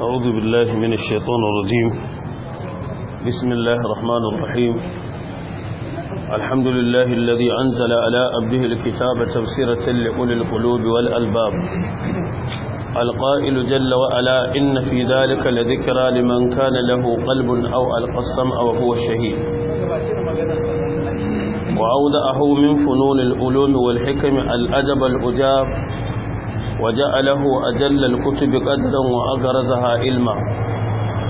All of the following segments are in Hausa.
أعوذ بالله من الشيطان الرجيم بسم الله الرحمن الرحيم الحمد لله الذي أنزل على أبده الكتاب تفسيرة لأولي القلوب والألباب القائل جل وعلا إن في ذلك لذكرى لمن كان له قلب أو ألقى السمع وهو شهيد وأودأه من فنون العلوم والحكم الأدب الأجاب وجعله أجل الكتب قدرا وأغرزها علما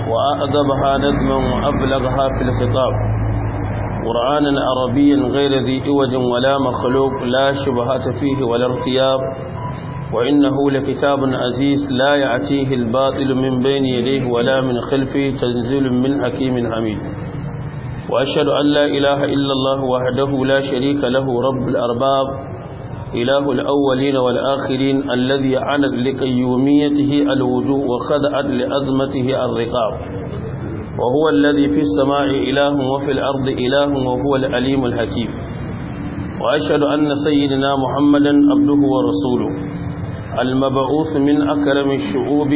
وأعذبها نظما وأبلغها في الخطاب قرآنا عربيا غير ذي إوج ولا مخلوق لا شبهات فيه ولا ارتياب وإنه لكتاب عزيز لا يعتيه الباطل من بين يديه ولا من خلفه تنزيل من حكيم حميد وأشهد أن لا إله إلا الله وحده لا شريك له رب الأرباب إله الأولين والآخرين الذي عنت لقيوميته الوجوه وخدعت لأزمته الرقاب وهو الذي في السماء إله وفي الأرض إله وهو العليم الحكيم وأشهد أن سيدنا محمدا عبده ورسوله المبعوث من أكرم الشعوب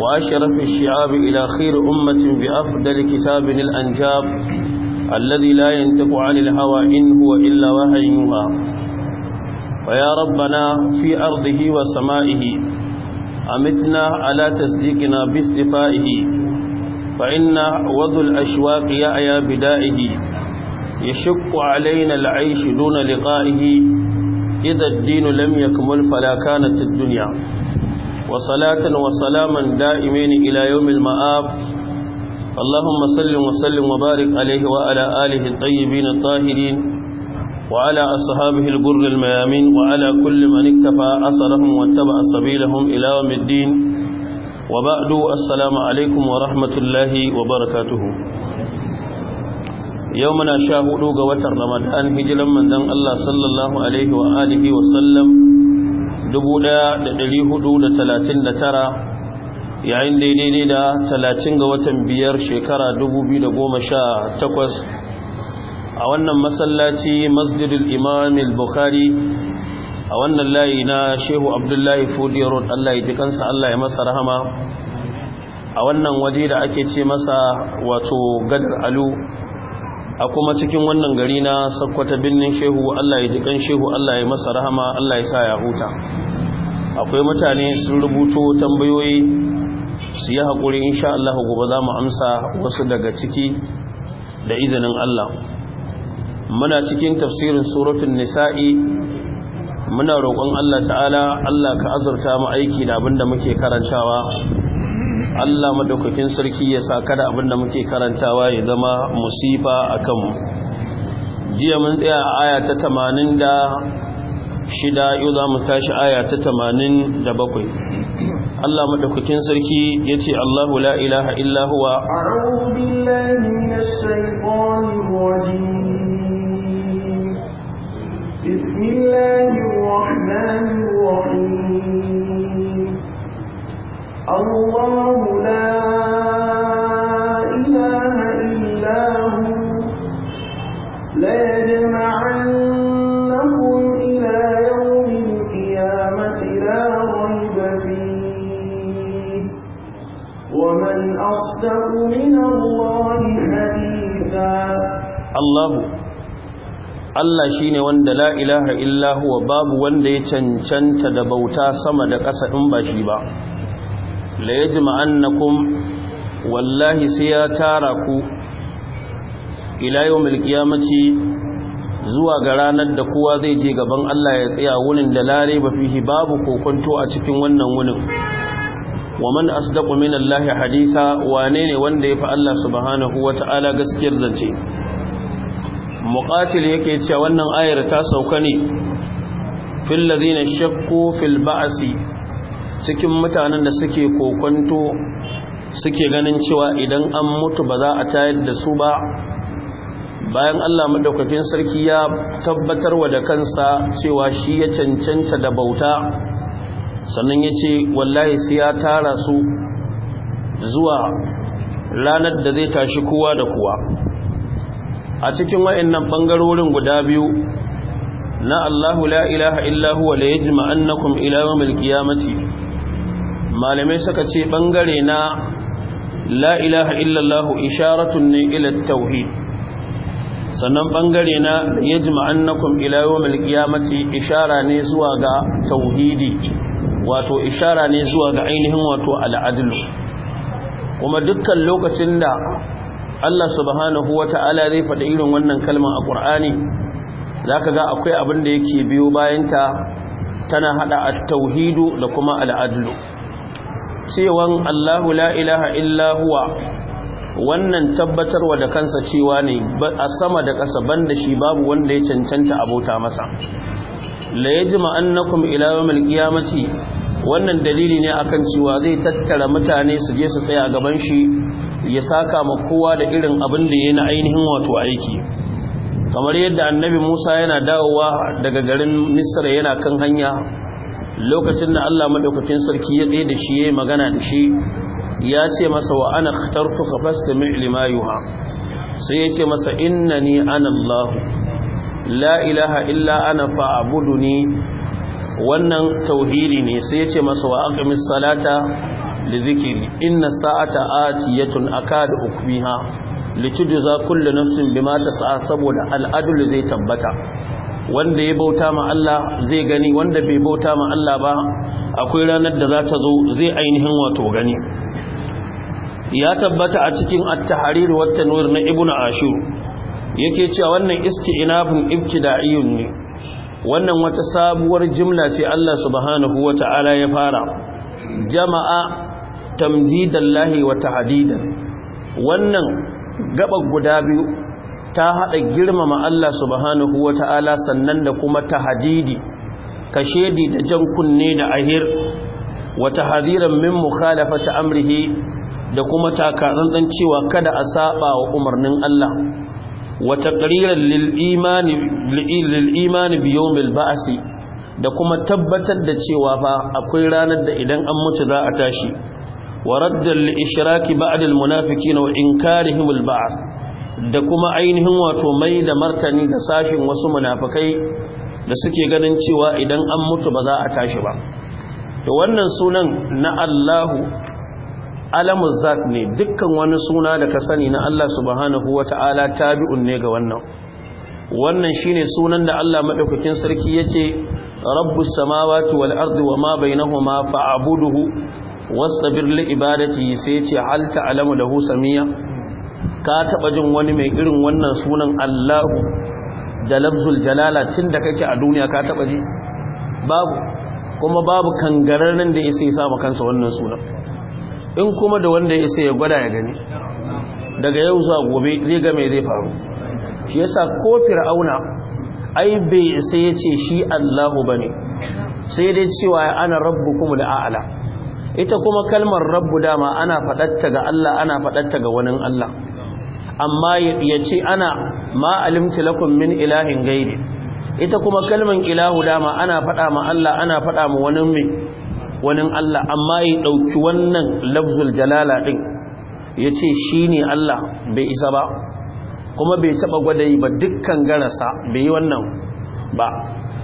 وأشرف الشعاب إلى خير أمة بأفضل كتاب الأنجاب الذي لا ينطق عن الهوى إن هو إلا وحي فيا ربنا في أرضه وسمائه أمتنا على تصديقنا باستفائه فإن وذو الأشواق يأيا بدائه يشق علينا العيش دون لقائه إذا الدين لم يكمل فلا كانت الدنيا وصلاة وسلاما دائمين إلى يوم المآب اللهم صل وسلم وبارك عليه وعلى آله الطيبين الطاهرين وعلى أصحابه البر الميامين وعلى كل من اكتفى أثرهم واتبع سبيلهم إلى يوم الدين وبعد السلام عليكم ورحمة الله وبركاته يومنا شاهدوا قوتر رمضان هجلا من دن الله صلى الله عليه وآله وسلم دبولا لليهود لتلاتين لترى yayin daidai da 30 ga watan biyar shekara 2018 a wannan masallaci masjidul imam al-bukhari a wannan layi na shehu abdullahi fudiyar road allah ya ji kansa allah ya masa rahama a wannan waje da ake ce masa wato gadar alu a kuma cikin wannan gari na sakwata birnin shehu allah ya ji kan shehu allah ya masa rahama allah ya sa ya huta akwai mutane sun rubuto tambayoyi su yi haƙuri insha Allah gobe za mu amsa wasu daga ciki da izinin Allah muna cikin tafsirin suratul nisa'i muna roƙon Allah ta'ala Allah ka azurta mu aiki da abinda muke karantawa Allah madaukakin sarki ya sa kada abinda muke karantawa ya zama musifa akan mu jiya mun tsaya a aya ta 80 da shida yau za mu tashi aya ta 87 Allah madaukakin sarki yace Allahu la ilaha illa huwa a'udhu billahi minash shaitanir rajim بسم الله الرحمن الرحيم الله Allah shi ne wanda la ilaha illahu wa babu wanda ya cancanta da bauta sama da ƙasa in ba shi ba la ya ma'annakun wallahi sai ya tara ku ila yau mace zuwa ga ranar da kowa zai je gaban Allah ya tsaya wunin da lare ba fi babu kokonto a cikin wannan wunin wa man asdaqu min Allah hadisa wane ne wanda ya fi Allah subhanahu ta'ala gaskiyar zance muqatil yake cewa wannan ayar ta sauka ne fil ladina shakku fil ba'si cikin mutanen da suke kokonto suke ganin cewa idan an mutu ba za a tayar da su ba bayan Allah madaukakin sarki ya tabbatar wa da kansa cewa shi ya cancanta da bauta sannan ya ce wallahi sai ya tara su zuwa ranar da zai tashi kowa da kowa a cikin wayannan bangarorin guda biyu na Allahu la ilaha illa huwa la yajma'annakum ila yawmil qiyamati malamai suka ce bangare na la ilaha illallah isharatun ne ila tauhid sannan bangare na yajma'annakum ila yawmil qiyamati ishara ne zuwa ga tauhidi wato ishara ne zuwa ga ainihin wato al'adlu kuma dukkan lokacin da Allah subhanahu wata'ala zai faɗi irin wannan kalma a Za zaka ga akwai abin da yake biyo bayanta tana haɗa a tauhidu da kuma al'adu? cewan Allahu la ilaha illahuwa, wannan tabbatarwa da kansa cewa ne a sama da ƙasa banda shi babu wanda ya cancanta abota masa la yajma annakum ila yawmil wannan dalili ne akan cewa zai tattara mutane su je su tsaya gaban shi ya saka ma kowa da irin abin da ya na ainihin wato aiki kamar yadda annabi musa yana dawowa daga garin misra yana kan hanya lokacin da allah maɗaukakin sarki ya tsaye da shi ya magana da shi ya ce masa wa ana tartu ka lima yuha sai ya ce masa inna ni ana allah la ilaha illa ana fa'abudu wannan tauhidi ne sai ya ce masa wa aqimis salata لذكري إن الساعة آتية أكاد أكميها لتجزى كل نفس بما تسعى saboda الأدل زي tabbata. wanda ya bauta ma Allah zai gani wanda bai bauta ma Allah ba akwai ranar da za ta zo zai ainihin wato gani ya tabbata a cikin at-tahrir wa at-tanwir na ibnu ashur yake cewa wannan isti'nafun ibtida'iyun ne wannan wata sabuwar jimla ce Allah subhanahu wata'ala ya fara jama'a tamjidallahi wa tahdidan wannan gaba guda biyu ta hada girmama Allah subhanahu wataala sannan da kuma tahdidi kashedi da jan kunne da ahir wa tahdhiran min mukhalafati amrihi da kuma takarantan cewa kada a saba wa umarnin Allah wa taqriran lil imani lil Ba'asi bi yawmil ba'si da kuma tabbatar da cewa fa akwai ranar da idan an mutu za a tashi Waraddar raddal ishraki ba'd al munafiqina wa inkarihim al da kuma ainihin wato mai da martani da sashin wasu munafikai da suke ganin cewa idan an mutu ba za a tashi ba to wannan sunan na Allahu alamu zat ne dukkan wani suna da ka sani na Allah subhanahu wata'ala tabi'un ne ga wannan wannan shine sunan da Allah maɗaukakin sarki yace rabbus samawati wal ardi ma bainahuma fa'buduhu wastabir li ibadati sai ce hal ta'lamu lahu samiya ka taba jin wani mai irin wannan sunan Allahu da lafzul jalala tun da kake a duniya ka taba ji babu kuma babu kangararren da yasa ya sa kansa wannan sunan in kuma da wanda yasa ya gwada ya gani daga yau zuwa gobe zai ga mai zai faru shi yasa ko fir'auna ai bai sai ya ce shi Allahu ba ne sai dai cewa ana rabbukum a'ala. ita kuma kalmar rabbu dama ana faɗatta ga Allah ana faɗatta ga wani Allah amma ya ce ana ma alimti min ilahin gaidi ita kuma kalmar ilahu dama ana faɗa ma Allah ana faɗa ma wani mai wani Allah amma ya ɗauki wannan lafzul jalala ɗin ya ce shi ne Allah bai isa ba kuma bai taɓa gwada yi ba dukkan garasa bai yi wannan ba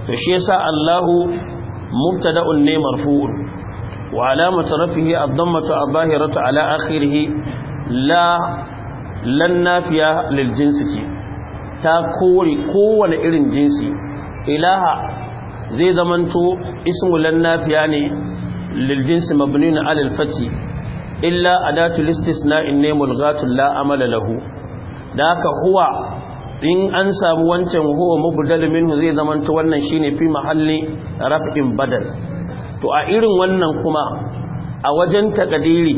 to shi sa Allahu mubtada'un ne marfu'un وعلامة رفعه الضمة الظاهرة على آخره لا لن نافية للجنس تا كوري قوة لإرن جنس إله زي زمنتو اسم لن نافية للجنس مبني على الفتي إلا أداة الاستثناء النيم الغات لا أمل له ذاك هو in an samu wancan huwa mubdal minhu zai zamanta wannan shine fi mahalli raf'in badal to a irin wannan kuma a wajen takadiri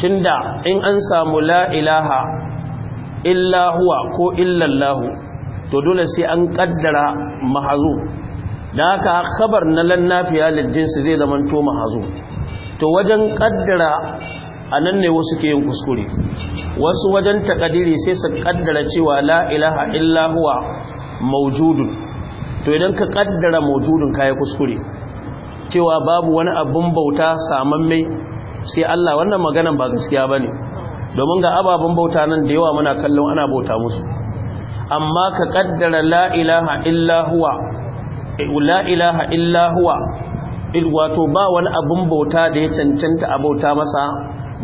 tunda in an samu la ilaha illa huwa ko illallahu to dole sai an kaddara mahazu da haka khabar na lannafiya lijinsi zai zama to mahazu to wajen kaddara a nan ne wasu ke yin kuskure wasu wajen takadiri sai su kaddara cewa la ilaha illa huwa maujudun to idan ka kaddara maujudun kayi kuskure cewa babu wani abin bauta saman mai, sai Allah wannan maganan ba gaskiya ba ne, domin ga ababen bauta nan da yawa muna kallon ana bauta musu amma ka kaddara la ilaha illa huwa wato ba wani abin bauta da ya cancanta a bauta masa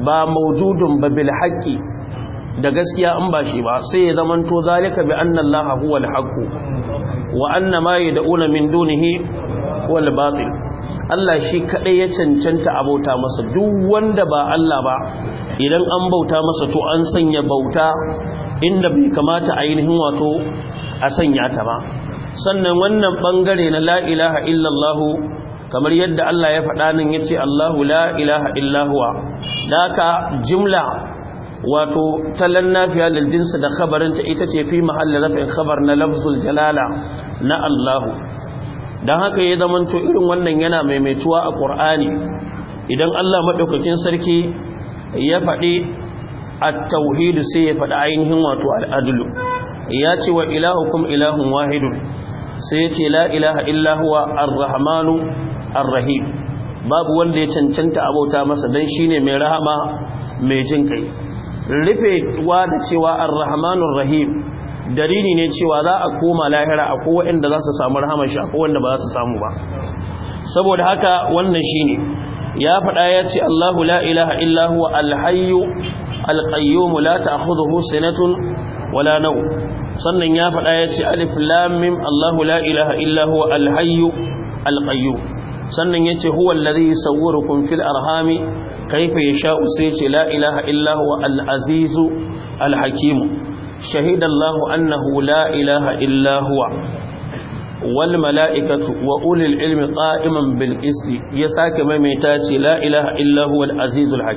ba maujudun ba bil haqqi da gaskiya an ba shi ba sai ya zamanto zalika bi anna allaha huwa al haqq wa anna ma yad'una min dunihi wal batil Allah shi kaɗai ya cancanta a bauta masa duk wanda ba Allah ba idan an bauta masa to an sanya bauta inda bai kamata ainihin wato a sanya ta ba sannan wannan bangare na la ilaha illallah kamar yadda Allah ya faɗa nan yace Allahu la ilaha illahuwa daka jumla wato talan nafiya lil jinsi da ta ita ce fi mahallin rafin khabar na lafzul jalala na Allahu don haka ya zamanto irin wannan yana maimaituwa a ƙur'ani idan allah maɗaukakin sarki ya faɗi a tauhidu sai ya faɗi ainihin wato al'adulu ya ce wa ilahukum ilahun wahidu sai ya ce la ilaha illahuwa ar-rahim, babu wanda ya cancanta abota masa don shine mai rahama mai jin kai rufewa da cewa arrahmanur rahim dalili ne cewa za a koma lahira a kowa inda za su samu rahamar shi a wanda ba za su samu ba saboda haka wannan shi ne, ya faɗa ya ce Allahu la ilaha illa huwa al-hayyu al-qayyum la ta'khudhuhu sinatun wala naw sannan ya faɗa ya ce alif lam mim Allahu la ilaha illa huwa al-hayyu sannan ya ce huwa alladhi yusawwirukum fil arhami kayfa yasha'u sai ce la ilaha illa huwa al-azizu shahidallahu annahu la ilaha illa wal mala'ikatu wa ulil ilmi ka'iman bil qisti ya sake maimaita ce la ilaha illa huwa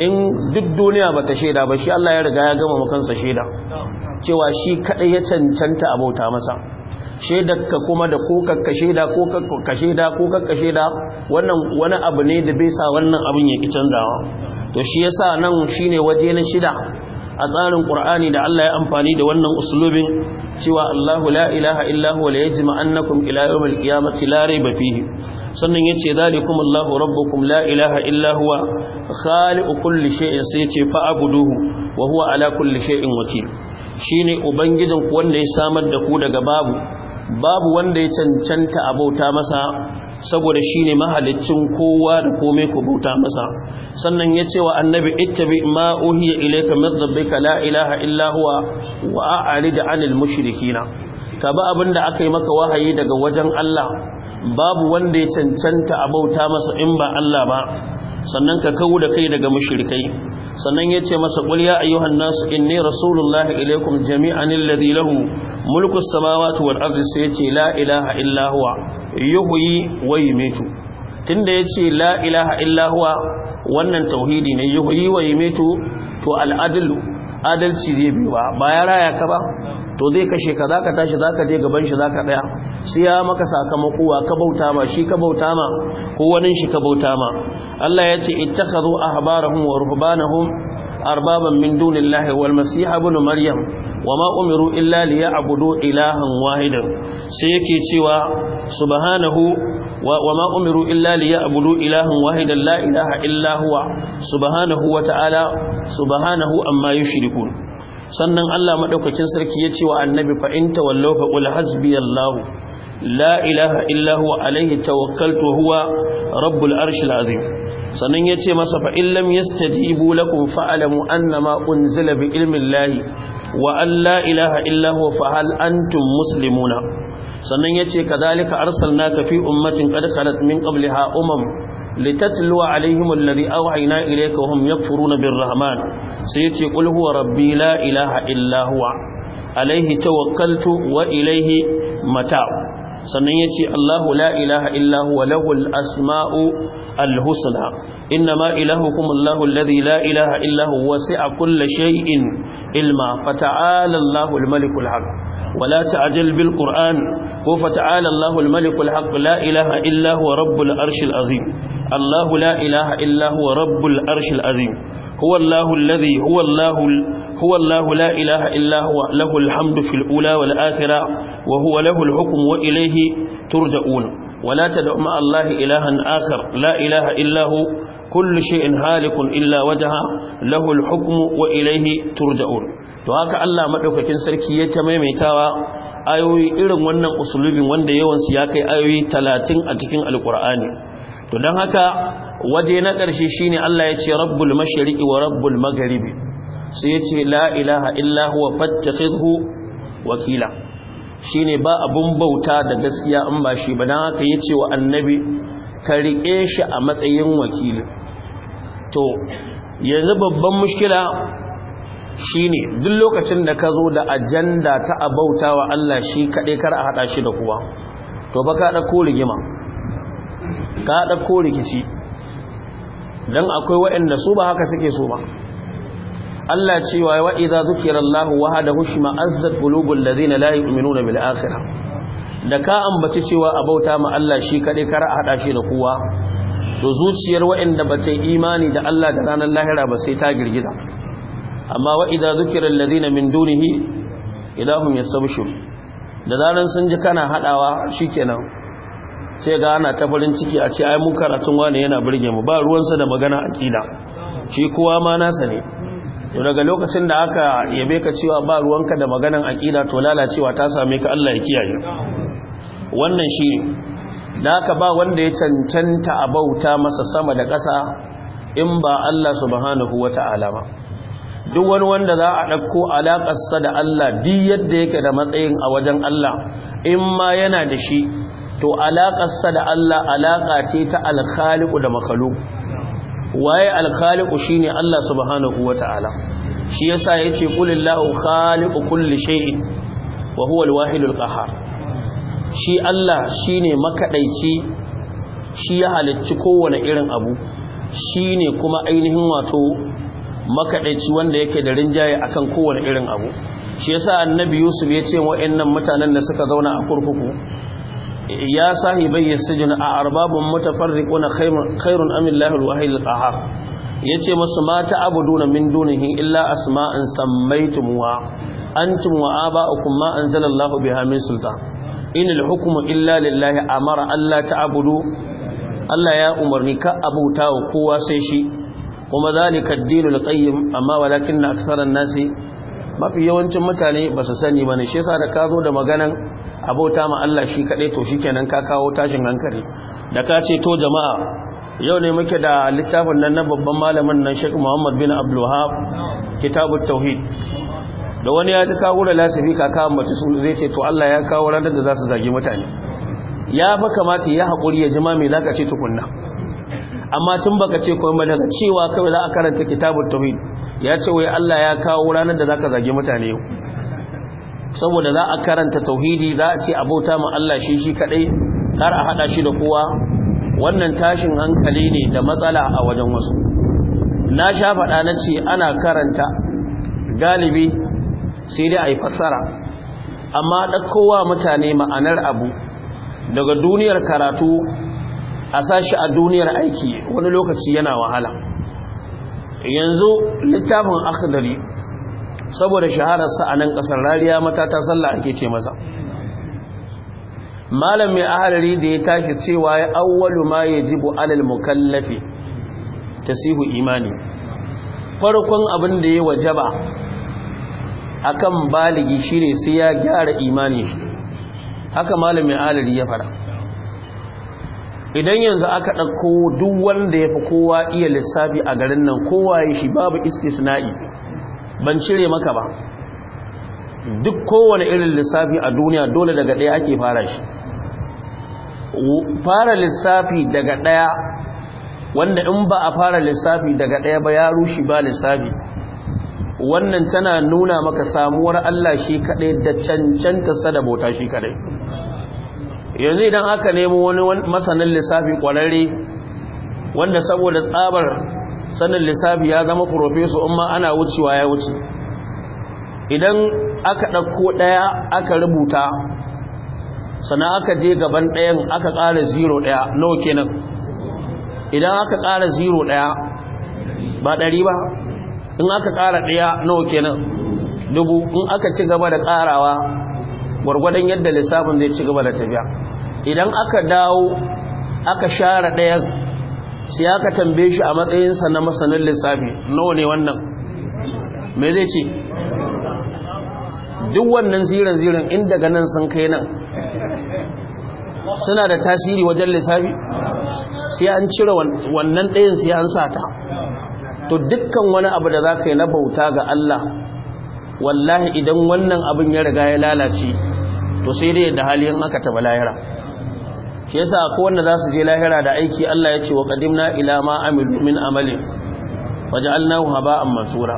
in duk duniya bata shaida ba shi Allah ya riga ya gama makansa shaida. cewa shi kaɗai ya cancanta abauta masa shedarka kuma da ko kakka sheda ko kakka shaida ko kakka wannan wani abu ne da bai sa wannan abin ya ki canzawa to shi yasa nan shine waje na shida a tsarin Kur'ani da Allah ya amfani da wannan uslubin cewa Allahu la ilaha illa huwa layajma annakum ila yawmil qiyamati la rayba fihi sannan yace zalikum Allahu rabbukum la ilaha illa huwa khaliqu kulli shay'in sai yace fa'buduhu wa huwa ala kulli shay'in wakil shine ku wanda ya samar da ku daga babu babu wanda ya cancanta abauta masa saboda shi ne mahalicin kowa da komai ku bauta masa sannan ya ce wa annabi ittabi ma uhiya ilayka min rabbika la ilaha illa huwa wa a'rid anil mushrikina abin abinda aka yi maka wahayi daga wajen Allah babu wanda ya cancanta a bauta masa in ba Allah ba sannan ka kawo da kai daga mushrikai sannan ya ce masa ƙul a in nasu inni rasulullah ilaikum jami'an alladhi lahu mulku samawati wal ardi sai ce la ilaha illa huwa yi wa tun tunda yace la ilaha illa wannan tauhidi ne yuhyi wa metu to aladalci adalci zai biyu ba ba ya raya ka ba to zai kashe ka zaka tashi zaka je gaban shi zaka daya sai ya maka sakamako wa ka bauta ma shi ka bauta ma ko wani shi ka bauta ma Allah ya ce ittakhadhu ahbarahum wa ruhbanahum arbaban min dunillahi wal Masiha, ibn maryam wama umiru illa liya'budu ilahan wahidan sai yake cewa subhanahu wama umiru illa liya'budu ilahan wahidan la ilaha illa huwa subhanahu wa ta'ala subhanahu amma yushrikun sannan Allah maɗaukakin sarki ya ce wa annabi fainta in tawallaw fa lailaha hasbiyallahu la ilaha tawakkaltu huwa rabbul arshil azim sannan ya ce masa fa in lam yastajibu lakum fa'lamu annama unzila bi ilmin lahi. Wa'an la ilaha illa fa muslimuna sannan ya ce yace kadhalika ka fi ummatin qad khalat min qabliha umam litatluwa alaihim alladhi awhayna ilayka wa hum yakfuruna birrahman sai yace qul huwa rabbi la ilaha illa huwa alaihi tawakkaltu wa ilaihi mata sannan ya ce allahu la ilaha illa huwa lahul asma'u alhusna. inna ma ilahukumullahu alladhi la ilaha illahu wasi'a kulli shay'in ilma fata'ala allahu almalikul haq wa la ta'jil bil qur'an wa fata'ala allahu almalikul haq la ilaha illa huwa rabbul arshil azim allahu la ilaha illa huwa rabbul arshil azim huwa allahu alladhi huwa allahu huwa allahu la ilaha illa huwa alhamdu fil ula wal akhirah wa huwa lahu alhukm wa ilayhi turja'un ولا تدع مع الله إلها آخر لا إله إلا هو كل شيء هالك إلا وجهه له الحكم وإليه ترجعون وهكا الله مدوكاكين سركي يتميمي تاوى ayoyi irin wannan usulubin wanda yawansu ya kai ayoyi talatin a cikin alkur'ani to don haka waje na ƙarshe shine Allah ya ce rabbul mashriqi wa rabbul magharibi sai ya ce la ilaha illa huwa wakila shine ba abun bauta da gaskiya an ba shi ba don haka ya ce wa annabi ka riƙe shi a matsayin wakili to yanzu babban mushkila shine duk lokacin da ka zo da ajanda ta wa Allah shi kaɗai kar a haɗa shi da kuwa to ba ka ɗauko rigima ka ɗauko rikici don akwai waɗanda su ba haka suke so ba Allah cewa wa idza zukirallahu wahdahu shima'azzat qulubul ladina la yu'minuna bil akhirah da ka ambaci cewa abauta ma Allah shi kade kar a hada shi da kowa to zuciyar wa'anda bace imani da Allah da ranar lahira ba sai ta girgiza amma wa idza zukiral ladina min dunihi ilahum yastabshir da ranar sun ji kana hadawa shikenan sai ga ana ta farin ciki a ce ai mun karatun wani yana burge mu ba ruwansa da magana aqida shi kowa ma nasa ne to daga lokacin da aka yabe ka cewa ba ruwanka da maganan aƙida to lalacewa ta same ka Allah ya kiyaye wannan shi da aka ba wanda ya cancanta a bauta masa sama da ƙasa in ba Allah subhanahu wata'ala ba duk wani wanda za a ɗauko alaƙarsa da Allah duk yadda yake da matsayin a wajen Allah in ma yana da shi to alaƙarsa da Allah alaƙa ce ta alkhaliku da makhluq waye alkhaliqu shine Allah subhanahu wataala shi yasa yace qulillahu khaliqu kulli shay'in wa huwa alwahid qahhar shi Allah shine makadaici shi ya halicci kowane irin abu shine kuma ainihin wato makadaici wanda yake da rinjaye akan kowane irin abu shi yasa annabi Yusuf yace wa'annan mutanen da suka zauna a kurkuku ya sahibai sijin a arbabun mutafarriquna khairun am Allahu al-wahid al-qahar yace musu mata abuduna min dunihi illa asma'an sammaytumuha Ba a kuma an anzala Allahu biha min sultan in al-hukmu illa lillahi amara alla ta'budu Allah ya umarni ka abuta wa kowa sai shi kuma zalika ad-dinul qayyim amma walakinna aktharan nasi mafi yawancin mutane ba su sani ba ne shi sa da ka zo da maganan abota ma Allah shi kaɗai to shi kenan ka kawo tashin hankali da ka ce to jama'a yau ne muke da littafin nan na babban malamin nan Sheikh Muhammad bin Abdulwahab Kitabut Tauhid da wani ya ta kawo da lasifi kaka mace sun zai ce to Allah ya kawo ranar da za su zagi mutane ya ba kamata ya haƙuri ya jima mai zaka ce tukunna amma tun baka ce kuma daga cewa kawai za a karanta kitabut tauhid ya ce wai Allah ya kawo ranar da za ka zagi mutane yau saboda za a karanta tauhidi za a ce abota ma Allah shi shi kadai har a hada shi da kowa wannan tashin hankali ne da matsala a wajen wasu na sha faɗa na ce ana karanta galibi sai dai a yi fassara amma ɗaukowa mutane ma'anar abu daga duniyar karatu a sashi a duniyar aiki wani lokaci yana wahala yanzu littafin akhdari saboda shahararsa a nan ƙasar rariya matata sallah ake ce maza, malam mai ahalari da ya tashi cewa ya awwalu ma ya yajibu alal mukallafi tasihu imani farkon abin da ya wajaba kan baligi shi ne sai ya gyara imani shi haka malam mai ahalari ya fara idan yanzu aka ɗauko duk wanda ya fi kowa iya lissafi a garin nan kowa ya shi babu istisna'i ban cire maka ba duk kowane irin lissafi a duniya dole daga ɗaya ake fara shi fara lissafi daga ɗaya wanda in ba a fara lissafi daga ɗaya ba ya rushe ba lissafi wannan tana nuna maka samuwar Allah shi kaɗai da cancanta sada bota shi kaɗai yanzu idan aka nemo wani masanin lissafi ƙwararre wanda saboda tsabar sannan lissafi ya zama profeso in ma ana wucewa ya wuce idan aka ɗauko ɗaya aka rubuta sannan aka je gaban ɗayan aka ƙara zero ɗaya nawa kenan idan aka ƙara zero ɗaya ba ɗari ba in aka ƙara ɗaya nawa kenan dubu in aka ci gaba da ƙarawa gwargwadon yadda lissafin zai ci gaba da tafiya idan aka dawo aka share ɗayan sai aka tambaye shi a matsayinsa na masanin lissafi nawa ne wannan me zai ce duk wannan ziran-ziran in daga nan sun kai nan suna da tasiri wajen lissafi sai an cire wannan ɗayan sai an sata to dukkan wani abu da za ka yi na bauta ga Allah wallahi idan wannan abin ya riga ya lalace to sai dai da hali in aka taba layara shi yasa ko wanda za je lahira da aiki Allah ya ce wa qadimna ila ma amilu min amalin waja'alnahu haba'an mansura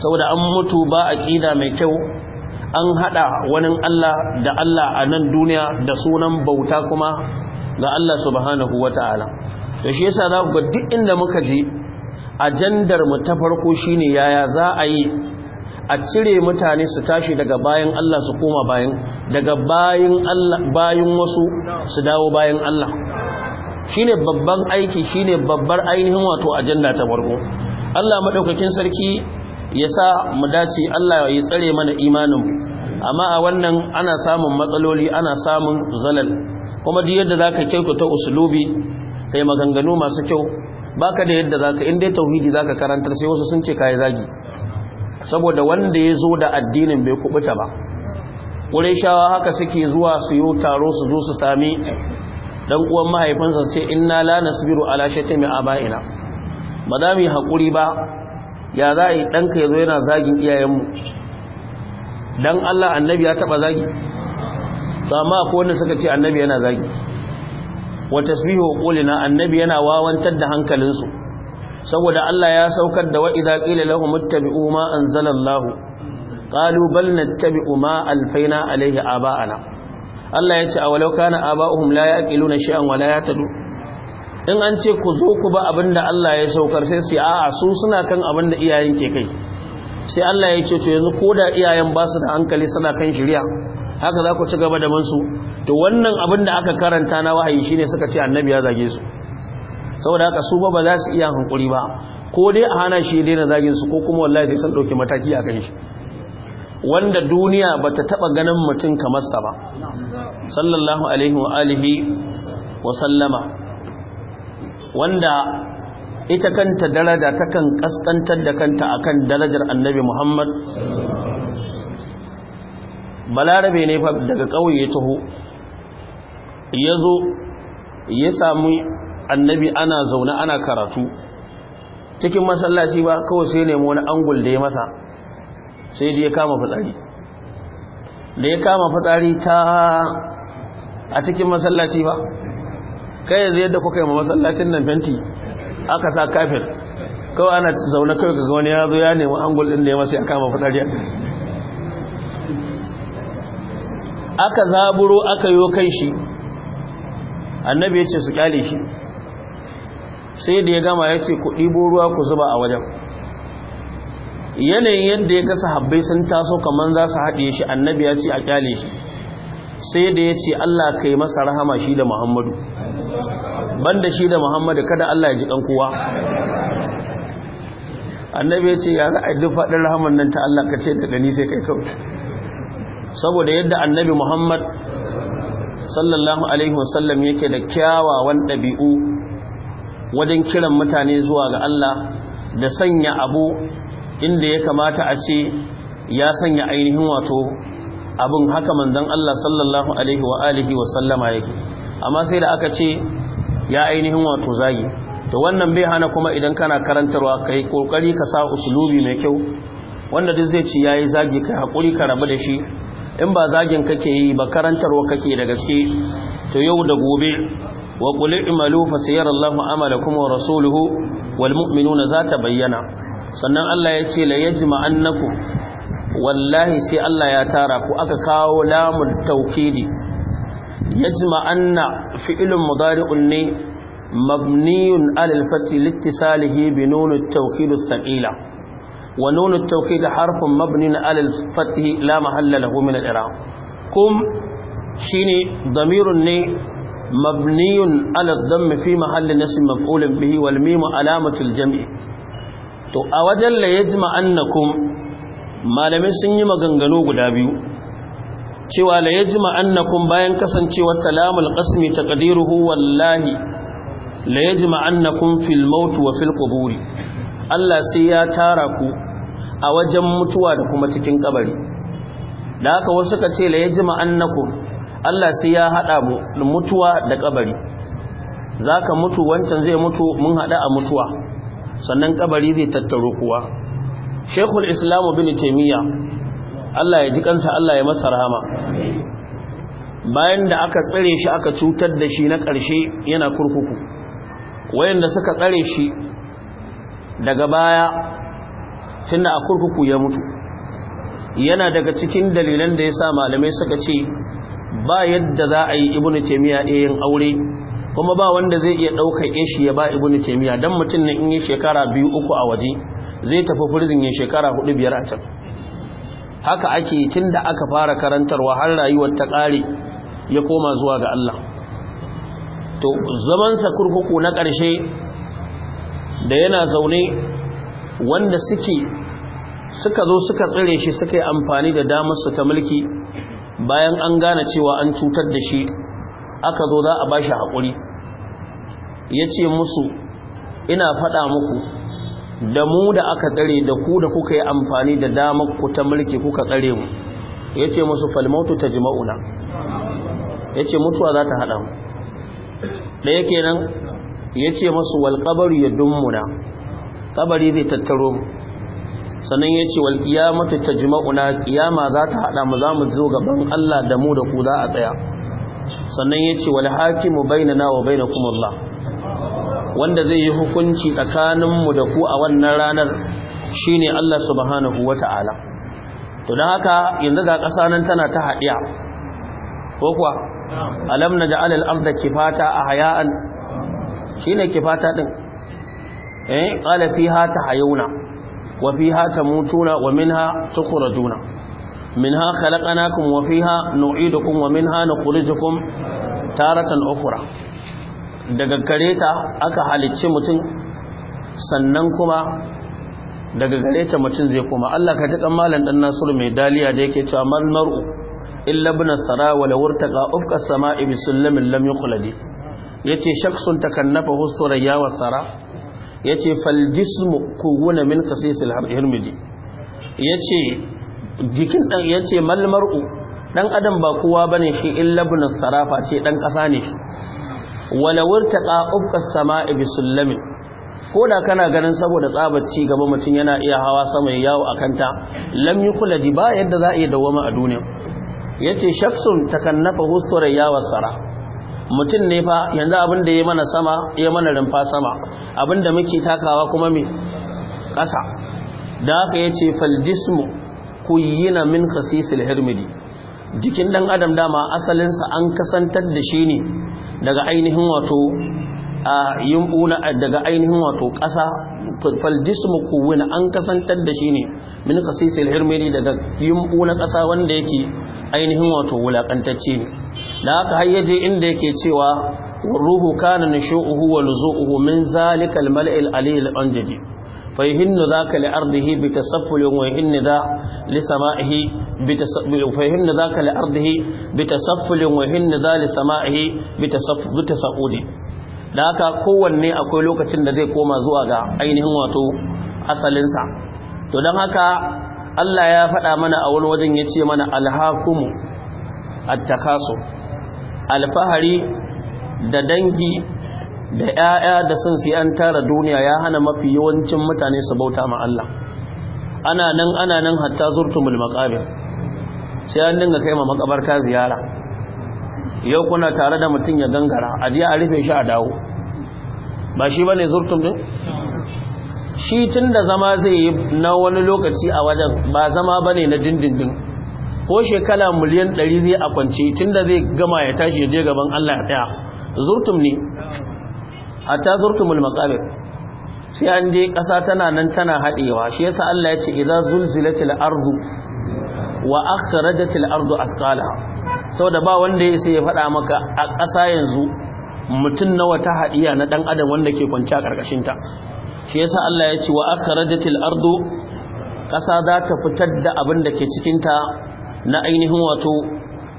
saboda an mutu ba aqida mai kyau an hada wani Allah da Allah a nan duniya da sunan bauta kuma ga Allah subhanahu wata'ala to shi yasa za ku ga duk inda muka je ajandar mu ta farko shine yaya za a yi a cire mutane su tashi daga bayan Allah su koma bayan daga bayan Allah bayan wasu su dawo bayan Allah shine babban aiki shine babbar ainihin wato ajanda ta farko Allah maɗaukakin sarki ya sa mu dace Allah ya tsare mana imanin amma a wannan ana samun matsaloli ana samun zalal kuma duk yadda zaka ta usulubi kai maganganu masu kyau baka da yadda zaka in dai tauhidi zaka karantar sai wasu sun ce kai zagi saboda wanda ya zo da addinin bai kubuta ba shawa haka suke zuwa su yi taro su zo su sami ɗan uwan mahaifinsa sai su biro nasbiru ala mai abaina ba za mu yi hakuri ba ya za a yi ɗanka ya zo yana zagin iyayenmu Don Allah annabi ya taɓa zagi amma ko wanda suka ce annabi yana zagi wa tasbihu na, annabi yana wawantar da hankalinsu saboda Allah ya saukar da wa idza qila lahum an zalar lahu, ƙalubal na nattabi'u ma alfaina a ba’ana. Allah ya ce na a aba'uhum la na shi’an wa la taɗu. in an ce ku zo ku ba abin da Allah ya saukar sai su a'a su suna kan abin da iyayen ke kai sai Allah ya ce to yanzu ko da iyayen ba su da hankali suna kan shirya, haka za ku ci gaba da mansu to wannan abin da aka karanta na wahayi shi ne suka ce annabi ya zage su saboda haka su ba ba za su iya hankuri ba ko dai a hana shi daina zagin su ko kuma wallahi sai sun dauki mataki a kan shi wanda duniya ba ta taba ganin mutum kamar sa ba sallallahu alaihi wa alihi wa sallama wanda ita kanta daraja kan kaskantar da kanta akan darajar annabi Muhammad balarabe ne fa daga kauye ya taho ya zo ya samu annabi ana zaune ana karatu cikin masallaci ba kawai sai nemi wani angul da ya masa sai da ya kama fitsari da ya kama fitsari ta a cikin masallaci ba kai yanzu yadda kuka yi ma masallacin nan fenti aka sa kafin kawai ana zaune kawai ga wani ya zo ya nemi angul ɗin da ya masa ya kama fitsari a cikin aka zaburo aka yi kai shi annabi ya ce su kyale shi sai da ya gama ya ce ku ɗibo ruwa ku zuba a wajen yanayin yadda ya gasa habbai sun taso kamar za su haɗe shi annabi ya ce a ƙyale shi sai da ya ce Allah kai masa rahama shi da Muhammadu banda shi da Muhammadu kada Allah ya ji ɗan kowa annabi ya ce ya za a duk faɗin rahaman nan ta Allah ka ce da ɗani sai kai kawai saboda yadda annabi Muhammad sallallahu alaihi wasallam yake da kyawawan ɗabi'u wajen kiran mutane zuwa ga Allah da sanya abu inda ya kamata a ce ya sanya ainihin wato abin haka manzon Allah sallallahu alaihi wa alihi wa sallama yake amma sai da aka ce ya ainihin wato zagi to wannan bai hana kuma idan kana karantarwa kai kokari ka sa usulubi mai kyau wanda duk zai ci yayi zagi kai hakuri ka rabu da shi in ba zagin kake yi ba karantarwa kake da gaske to yau da gobe wa qul i'malu fa sayara Allahu amalakum wa rasuluhu za ta bayyana sannan Allah ya ce la yajma'annakum wallahi sai Allah ya tara ku aka kawo lamul tawkidi yajma'anna fi'lun mudari'un ne mabniyun alal fati littisalihi bi nunut tawkid as wa nunut tawkid harfun mabniyun alal fati la mahalla lahu min al-i'rab kum shine damirun ne مبني على الضم في محل نصب مفعول به والميم علامة الجمع to a wajen la yajma annakum sun yi ma maganganu guda biyu cewa la yajma bayan kasancewa talamul qasmi taqdiruhu wallahi la yajma annakum fil maut fil qubur Allah sai ya tara ku a wajen mutuwa da kuma cikin kabari da haka wasu ka ce la yajma Allah sai ya hada mutuwa da kabari zaka mutu wancan zai mutu mun hada a mutuwa sannan kabari zai tattaro kuwa Sheikhul Islam Ibn Taymiyyah Allah ya ji kansa Allah ya masa rahama bayan da aka tsare shi aka cutar da shi na ƙarshe yana kurkuku wayanda suka tsare shi daga baya tunda a kurkuku ya mutu yana daga cikin dalilan da ya sa malamai suka ce ba yadda za a yi cemiya taymiya ɗayan aure kuma ba wanda zai iya ɗaukar ishi ya ba ibnu taymiya dan mutum na in yi shekara biyu uku a waje zai tafi prison ya shekara hudu biyar a can haka ake da aka fara karantarwa har rayuwar ta ƙare ya koma zuwa ga Allah to zamansa kurkuku na ƙarshe da yana zaune wanda suke suka zo suka tsire shi suka yi amfani da damar su ta mulki bayan an gane cewa an cutar da shi aka zo za a ba shi haƙuri ya ce musu ina faɗa muku da mu da aka tsare da ku da kuka yi amfani da damar ku ta mulki kuka tsare mu ya ce musu falmautu ta jima'una ya ce mutuwa za ta haɗa mu da yake nan ya ce musu walƙabar ya muna ƙabari zai tattaro sannan ya ce walƙiya wal qiyamatu tajma'una ƙiyama za ta haɗa mu za mu zo gaban Allah da mu da ku za a tsaya sannan ya ce wani haƙi mu bai na nawa bai na Allah wanda zai yi hukunci tsakaninmu da ku a wannan ranar shine Allah subhanahu ta'ala. to dan haka yanzu ga ƙasa nan tana ta haɗiya ko kuwa alam naj'al al-ardha kifata ahya'an shine kifata din eh qala fiha tahayuna wa fiha tamutuna wa minha tukhrajuna minha khalaqnakum wa fiha nu'idukum wa minha nukhrijukum taratan daga gareta aka halicci mutum sannan kuma daga gareta mutum zai kuma Allah ka tukan malam dan Nasiru mai daliya da yake cewa mal mar'u illa ibn sara wa lawrtaqa ufqa sama'i bi lam yuqladi yace shakhsun takannafa husurayya wa sara yace faljismu ku kuwuna min qasisil hirmidi ce jikin ɗan yace ce malmar'u ɗan adam ba kowa bane shi in ibn sarafa ce ɗan ƙasa ne shi ta ƙa'ubkar sama sama'i bisullamin ko da kana ganin saboda tsabar ci gaba mutum yana iya hawa sama ya yawo a kanta lam yi kula ba yadda za a yi dawama a duniya ya ce shaksun takannafa husturar yawon tsara mutum ne fa yanzu abin da ya mana sama ya mana rumfa sama abin da muke takawa kuma me ƙasa da haka ya ce faljismu kuyyina min khasisil hirmidi jikin ɗan adam dama asalinsa an kasantar da shi ne daga ainihin wato a daga ainihin wato ƙasa faldismu kowane an kasantar da shi ne min kasisil hirmini daga yin ƙasa wanda yake ainihin wato wulaƙantacce ne da aka hayyade inda yake cewa ruhu kana na sho'uhu wa luzo'uhu min zalikal mal'il alil anjabi fai hinna za ka li da li sama'ihi bi tasaffulin fai hinna za li ardihi da haka kowanne akwai lokacin da zai koma zuwa ga ainihin wato asalinsa to don haka Allah ya faɗa mana a wani wajen ya ce mana alhakumu attakaso alfahari da dangi da 'ya'ya da sun si an tara duniya ya hana mafi yawancin mutane su bauta ma Allah ana nan ana nan hatta zurtumul maqabir sai an dinga kai ma makabarta ziyara yau kuna tare da mutum ya gangara a a rufe shi a dawo ba shi ba ne zurtun din shi tun da zama zai yi na wani lokaci a wajen ba zama ba ne na dindindin ko shekala miliyan ɗari zai a kwanci tun da zai gama ya tashi ya je gaban allah ya tsaya zurtun ne hatta zurtun maqabir sai an je ƙasa tana nan tana haɗewa shi yasa Allah ya ce idza zulzilatil ardu wa akhrajatil ardu asqalaha saboda ba wanda ya sai ya faɗa maka a ƙasa yanzu mutum na wata haɗiya na ɗan adam wanda ke kwanci a ƙarƙashin ta shi yasa Allah ya ce wa aka akhrajatil ardo ƙasa za ta fitar da abin da ke cikinta na ainihin wato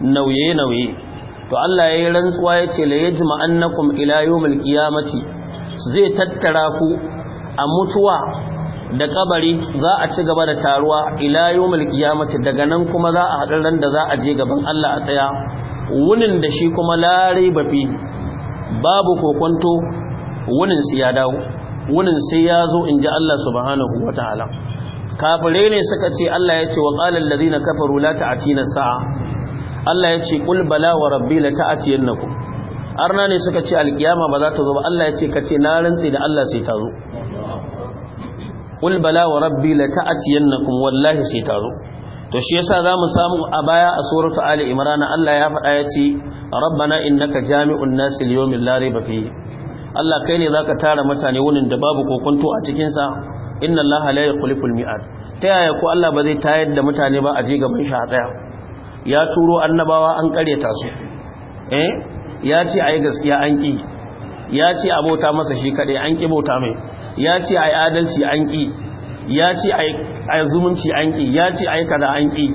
nauye nauye to Allah ya yi rantsuwa ya ce la na kuma ila yawmil mace zai tattara ku a mutuwa da kabari za a ci gaba da taruwa ila yawmul qiyamati daga nan kuma za a haɗa ran da za a je gaban Allah a tsaya wunin da shi kuma lare bafi babu kokonto wunin sai ya dawo wunin sai ya zo inji Allah subhanahu wataala kafirai ne suka ce Allah ya ce wa qala allazina kafaru la ta'tina sa'a Allah ya ce qul bala wa rabbi la ta'tiyannakum arna ne suka ce alkiyama ba za ta zo ba Allah ya ce kace na rantsi da Allah sai ta zo qul bala wa rabbi la ta'tiyannakum wallahi sai taro to shi yasa zamu samu a baya a suratu ali imran Allah ya faɗa yace rabbana innaka jami'un nas liyawmin la rayba fihi Allah kai ne zaka tara mutane wunin da babu kokonto a cikin sa inna Allah la yukhliful mi'ad ta yaya ko Allah ba zai tayar da mutane ba a je gaban shi a tsaya ya turo annabawa an kareta su eh ya ce ayi gaskiya an ki ya ce abota masa shi kadai an ki bota mai ya ce a yi adalci an ƙi ya ce yi zumunci an ƙi ya ce a yi kada an ƙi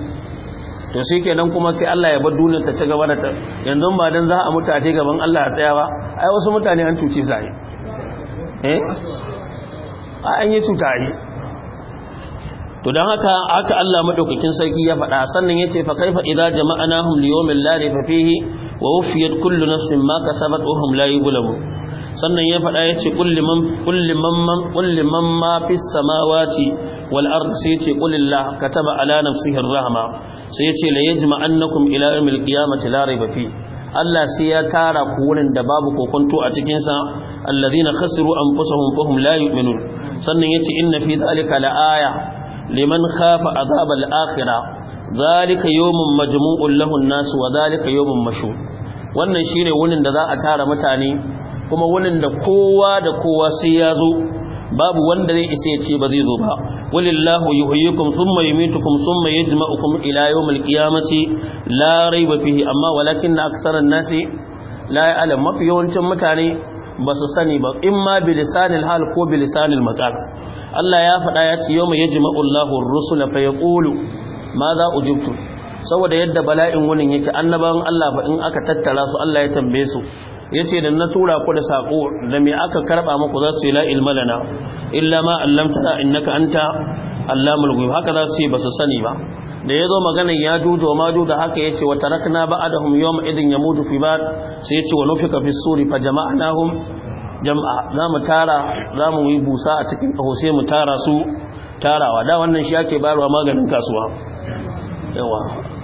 to shi nan kuma sai Allah ya bar duniyar ta ci gaba da ta yanzu ba dan za a mutu a gaban Allah ya tsaya ba ai wasu mutane an cuce zai eh an yi cuta yi to dan haka haka Allah madaukakin sarki ya faɗa sannan yace fa kaifa idza jama'nahum li yawmin la rayba fihi wa wufiyat kullu nafsin ma kasabat wa hum la yuzlamun sannan ya faɗa yace qul liman qul liman man qul liman ma fis samawati wal ard sai yace qul lillah kataba ala nafsihi rahma sai yace la yajma'annakum ila yawmil qiyamati la rayba fihi Allah sai ya tara ku wurin da babu kokonto a cikin sa alladhina khasiru anfusahum fahum la yu'minun sannan yace inna fi dhalika aya. liman khafa azab al-akhirah zalika yawmun majmu'un lahu an-nas wa zalika yawmun mashhur wannan shine wunin da za a tara mutane kuma wunin da kowa da kowa sai ya zo babu wanda zai isa ya ce ba zai zo ba walillahu yuhyikum thumma yumitukum thumma yajma'ukum ila yawmil qiyamati la rayba fihi amma walakinna aktharan nasi la ya'lam mafi yawancin mutane ba su sani ba in ma bilisanil hal ko bilisanil maqal Allah ya faɗa ya ce yawma yajma'u Allahu ar-rusula fa yaqulu madha ujibtu saboda yadda bala'in wunin yake annabawan Allah fa in aka tattara su Allah ya tambaye su Ya ce da na tura ku da sako da me aka karba muku za su yi la ilma lana illa ma allamtana innaka anta allamul ghuyub haka za su ce ba su sani ba da ya zo maganin ya juju wa maju da haka ya ce wata rakna ba a da hum idin ya mutu fi ba sai ya ce wa nufi kafin suri fa jama'a na jama'a za mu tara za mu yi busa a cikin ka sai mu tara su tarawa da wannan shi ake barwa maganin kasuwa yawa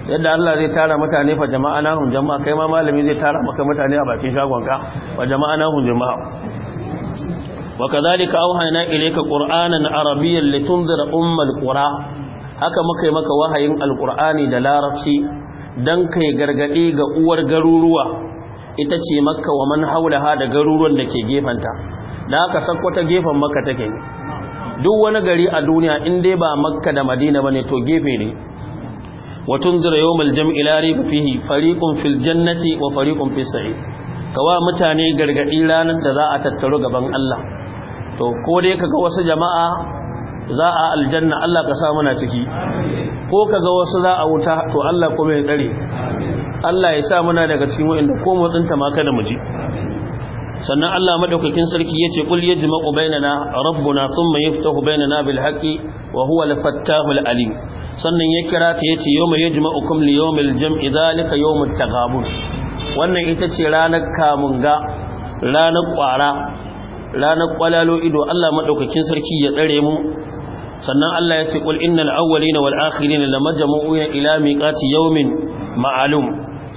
yadda Allah zai tara mutane fa jama'a na hun jama'a kai ma malami zai tara maka mutane a bakin shagon ka fa jama'a na hun jama'a وكذلك أوحينا ilayka qur'anan arabiyyan litunzira ummal qura. haka maka yi maka wahayin alkur'ani da larabci don kai gargaɗe ga uwar garuruwa ita ce makka wa man haulaha da garuruwan da ke gefanta da haka sakwata gefen maka take ne duk wani gari a duniya in dai ba makka da madina ba ne to gefe ne Watun zira yau maljam ilari fihi fil jannati wa fariƙun fisa'i. Ka kawa mutane gargaɗi ranar da za a tattaro gaban Allah to ko dai kaga wasu jama'a za a aljanna Allah ka sa mana ciki ko ka ga wasu za a wuta to Allah kuma ya dare Allah ya sa muna daga cikin wa'inda ko motsinta ma kada mu ji sannan Allah madaukakin sarki yace kul yajma'u bainana rabbuna thumma yaftahu bainana bil haqqi wa huwa al fattahul alim sannan ya kira ta yace yawma yajma'ukum li yawmil jam'i dhalika yawmut taghabun wannan ita ce ranar kamun ga ranar kwara ranar kwalalo ido Allah madaukakin sarki ya tsare mu sannan Allah ya ce kul innal awwalina wal akhirina lamajmu'una ila miqati yawmin ma'lum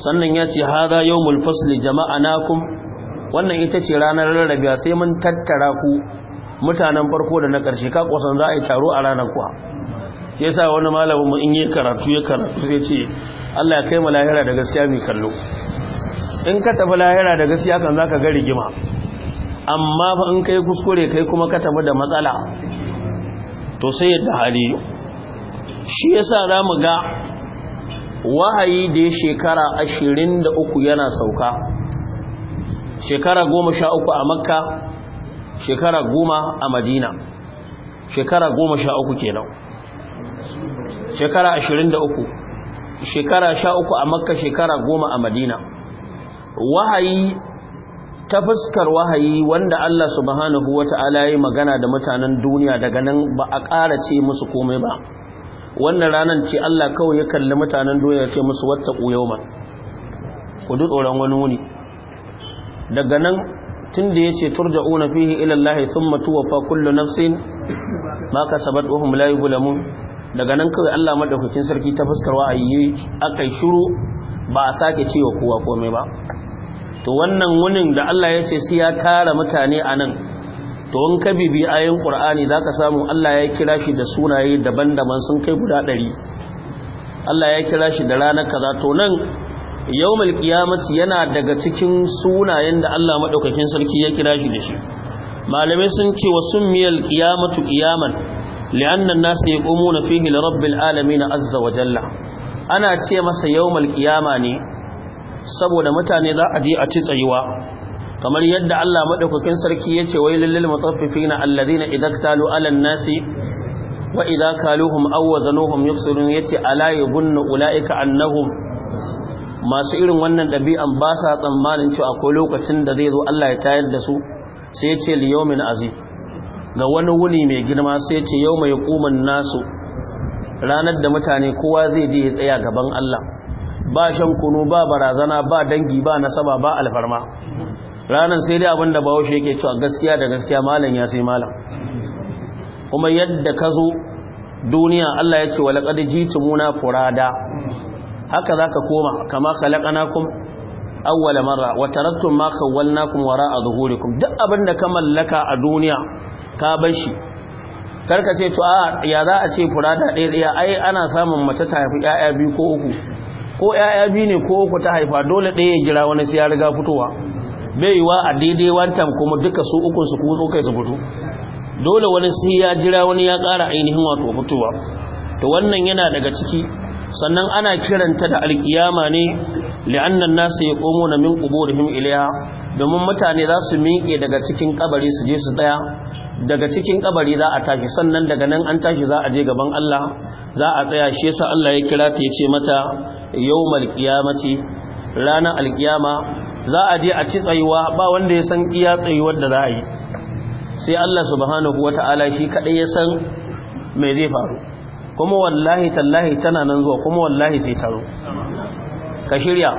sannan ya ce hadha yawmul fasl jama'anakum wannan ita ce ranar rarrabiya sai mun tattara ku mutanen farko da na karshe ka kosan za a yi taro a ranar kuwa yasa wani malamin mu in yi karatu ya karatu sai ce Allah ya kai mu lahira da gaskiya mai kallo in ka tafi lahira da gaskiya kan zaka ga rigima amma fa in kai kuskure kai kuma ka tafi da matsala to sai yadda hali shi yasa za mu ga wahayi da ya shekara ashirin da uku yana sauka shekara goma sha uku a makka shekara goma a madina shekara goma sha uku nan shekara ashirin da uku shekara sha uku a makka shekara goma a madina wahayi ta fuskar wahayi wanda Allah subhanahu wata'ala ya magana da mutanen duniya daga nan ba a ƙara ce musu komai ba wannan ranar ce Allah kawai ya kalli mutanen duniya ce musu wata ƙuyoma ku ji tsoron wani wuni daga nan tun da ya ce una fihi ila sun thumma fa kullu nafsin ba ka wa hum la bulamu daga nan kawai Allah madaukakin sarki ta fuskar wahayi akai shiru ba a sake cewa kowa komai ba to wannan wunin da Allah ya ce sai ya tara mutane a nan to in ka bibi ayin qur'ani zaka samu Allah ya kira shi da sunaye daban-daban sun kai guda ɗari. Allah ya kira shi da ranar kaza to nan yawmul qiyamati yana daga cikin sunayen da Allah madaukakin sarki ya kira shi da shi malamai sun ce wa miyar qiyamatu qiyaman li'anna an-nas yaqumuna fihi li rabbil alamin azza wa jalla ana ce masa yawmul qiyama ne saboda mutane za a je a ci tsayuwa kamar yadda Allah madaukakin sarki yace wailul lil mutaffifina alladhina idaktalu alan nasi wa idza kaluhum aw wazanuhum yuksirun yace ala yabunnu ulaika annahum masu irin wannan dabi'an ba sa tsammanin cewa akwai lokacin da zai zo Allah ya tayar da su sai yace liyawmin azim ga wani wuni mai girma sai yace yawma yaquman nasu ranar da mutane kowa zai je ya tsaya gaban Allah ba shan kunu ba barazana ba dangi ba nasaba ba alfarma ranar sai dai abinda ba haushe yake cewa gaskiya da gaskiya malam ya sai malam kuma yadda ka zo duniya Allah ya ce wa laƙar jitumuna furada haka za ka koma kama ka laƙana kuma awwala marra wa taraktum ma khawwalnakum wara'a zuhurikum duk abinda ka mallaka a duniya ka bar shi karka ce to a ya za a ce furada ɗaya ɗaya ai ana samun mace ta haifi ƴaƴa biyu ko uku ko ‘ya'ya biyu ne ko uku ta haifa dole ɗaya ya jira wani sai ya riga fitowa bai yiwa a daidai wantan kuma duka su uku su ku kai su fito dole wani sai ya jira wani ya ƙara ainihin wato fitowa to wannan yana daga ciki sannan ana kiranta da alkiyama ne li'annan nasu ya komo na min ƙuburihim ilaya domin mutane za su miƙe daga cikin kabari su je su tsaya daga cikin kabari za a tashi sannan daga nan an tashi za a je gaban Allah za a tsaya shi yasa Allah ya kira ta yace mata yawmal qiyamati ranar alkiyama za a je a ci tsayuwa ba wanda ya san iya tsayuwar da za a yi sai Allah subhanahu wataala shi kadai ya san me zai faru kuma wallahi tallahi tana nan zuwa kuma wallahi sai taro ka shirya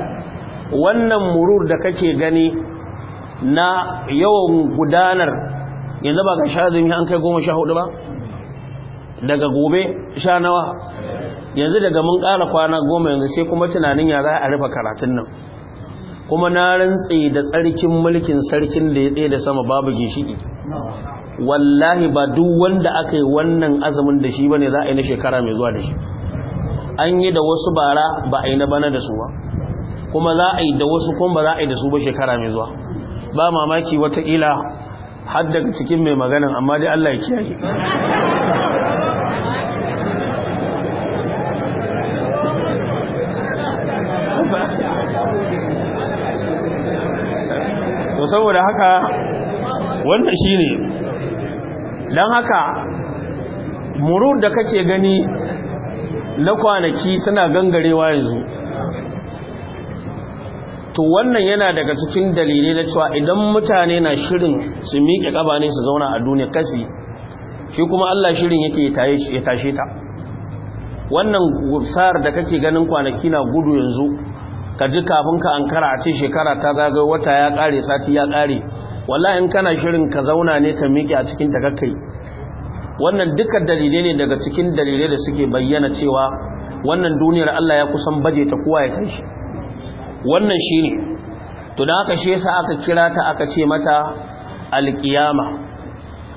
wannan murur da kake gani na yawan gudanar yanzu ba ka sha azumi an kai goma sha hudu ba daga gobe sha nawa yanzu daga mun kara kwana goma yanzu sai kuma tunanin ya za a rufe karatun nan kuma na rantse da tsarkin mulkin sarkin da ya tsaye da sama babu gishiki wallahi ba duk wanda aka yi wannan azumin da shi ba ne za a yi na shekara mai zuwa da shi an yi da wasu bara ba a yi na bana da su ba kuma za a yi da wasu kuma ba za a yi da su ba shekara mai zuwa ba mamaki watakila har daga cikin mai maganin amma dai Allah ya kiyaye to saboda haka wannan shine dan haka murur da kake gani na kwanaki suna gangarewa yanzu to wannan yana daga cikin dalilai na cewa idan mutane na shirin su miƙe ƙaba ne su zauna a duniya kasi shi kuma Allah shirin yake ya tashe ta wannan gusar da kake ganin kwanaki na gudu yanzu ka ji kafin ka ankara a ce shekara ta zagaye wata ya ƙare sati ya ƙare wallahi in kana shirin ka zauna ne ka miƙe a cikin ta wannan dukkan dalilai ne daga cikin dalilai da suke bayyana cewa wannan duniyar Allah ya kusan baje ta kowa ya kai shi wannan shine to da aka shi yasa aka kira ta aka ce mata Alkiyama.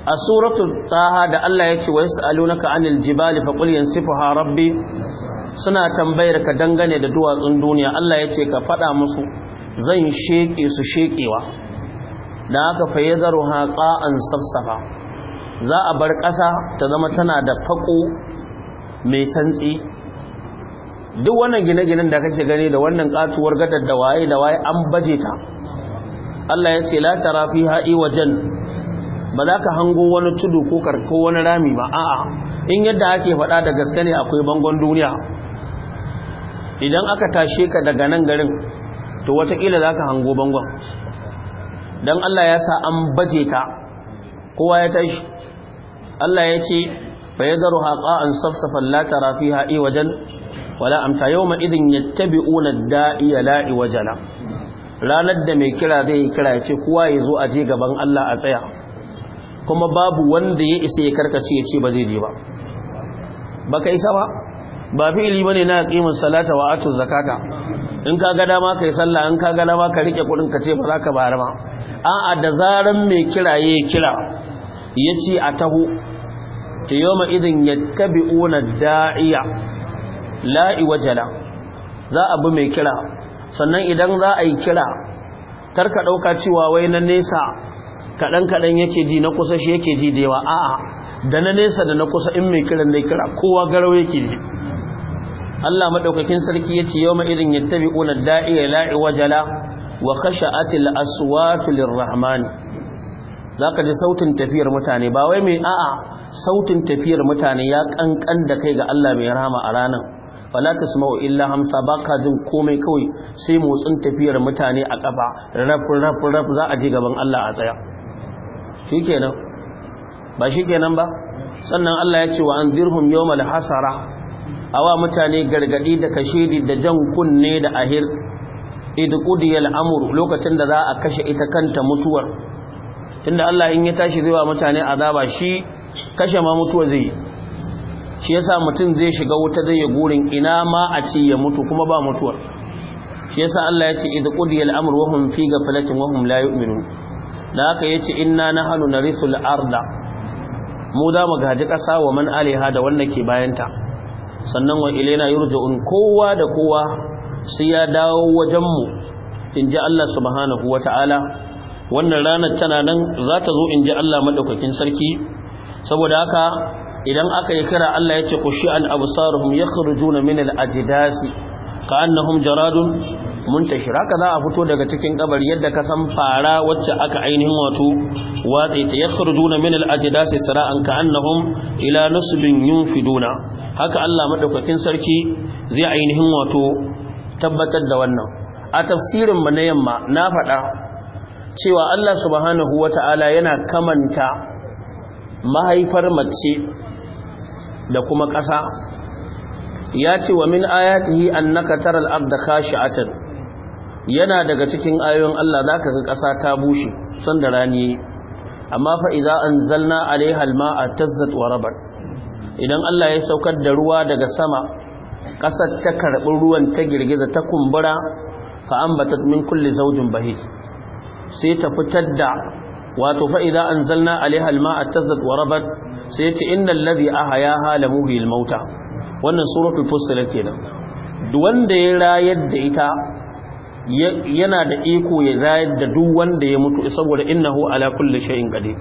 a suratu taha da Allah ya ce wa yasalunaka anil jibali faqul yansifuha rabbi suna tambayar ka dangane da duwatsun duniya Allah ya ce ka faɗa musu zan sheke su shekewa da aka fayyazaru an safsafa za a bar ƙasa ta zama tana da faƙo mai santsi duk wannan gine-ginen da kake gani da wannan katuwar gadar da waye da waye an baje ta Allah ya ce la tara fiha wajen. ba za ka hango wani tudu ko karko wani rami ba a'a in yadda ake faɗa da gaske ne akwai bangon duniya idan aka tashe ka daga nan garin to watakila za ka hango bangon don Allah ya sa an baje ta kowa ya tashi Allah ya ce fa ya zaru haƙa an safsafan latara fi wajen wala amsa yawma idin yattabi'una da'iya la'i wajala ranar da mai kira zai kira ya ce kowa ya zo a je gaban Allah a tsaya kuma babu wanda ya isa ya karkace ya ce ba zai je ba baka isa ba ba fi'ili bane na qimin salata wa atu zakata in ka ga dama kai sallah in ka ga dama ka rike kudin ka ce ba za ka ma a a'a da zaran mai kira ya kira ya ce a taho ta yau idin ya tabi una da'iya la'i wajala za a bi mai kira sannan idan za a yi kira tarka ɗauka cewa wai na nesa kaɗan-kaɗan yake ji na kusa shi yake ji da yawa a'a da na nesa da na kusa in mai kiran da kira kowa garau yake ji Allah maɗaukakin sarki ya ce yau ma irin ya tabi ƙunar da'iya la'i wajala wa kashe atil aswatulin rahmani za ka ji sautin tafiyar mutane ba wai mai a'a sautin tafiyar mutane ya ƙanƙan da kai ga Allah mai rahama a ranan. su tasma'u illa hamsa baka jin komai kawai sai motsin tafiyar mutane a kafa raf raf raf za a je gaban Allah a tsaya shikenan ba shikenan ba sannan Allah ya ce wa an anzirhum yawmal hasara awa mutane gargadi da kashedi da jan kunne da ahir idqudiyal amru lokacin da za a kashe ita kanta mutuwar tunda Allah in ya tashi zai wa mutane azaba shi kashe ma mutuwa zai yi shi yasa mutum zai shiga wuta zai ya gurin ina ma a ce ya mutu kuma ba mutuwar shi yasa Allah ya ce idh qudiya al-amru wa hum fi ghaflatin wa hum la yu'minun da haka yace inna nahnu narithul arda mu da mu gaji kasa wa man alaiha da wanda ke bayanta sannan wa ilaina yurja'un kowa da kowa sai ya dawo wajen mu inji Allah subhanahu wata'ala wannan ranar tana nan za ta zo ji Allah madaukakin sarki saboda haka idan aka yi kira Allah ya ce ku shi'an absaruhum yakhrujuna min Ka ajdasi ka'annahum jaradun muntashir haka za a fito daga cikin kabar yadda ka san fara wacce aka ainihin wato watsi ta yakhrujuna min al-ajdasi sara'an ka'annahum ila yin fiduna. haka Allah maɗaukakin sarki zai ainihin wato tabbatar da wannan a tafsirin mu na yamma na faɗa cewa Allah subhanahu wata'ala yana kamanta mahaifar mace da kuma ƙasa ya ce wa min ayatihi annaka taral arda khashi'atan yana daga cikin ayoyin Allah zaka ga ƙasa ta bushe san da rani amma fa idza anzalna alaiha alma'a tazzat wa rabat idan Allah ya saukar da ruwa daga sama ƙasar ta karbi ruwan ta girgiza ta kumbura fa bata min kulli zawjin bahij sai ta fitar da wato fa idza anzalna alaiha alma'a tazzat wa rabat sai ce innal aha ya hala muhyil mauta wannan suratul fussilat kenan Da wanda ya rayar da ita yana da iko ya rayar da duk ya mutu saboda innahu ala kulle shay'in gade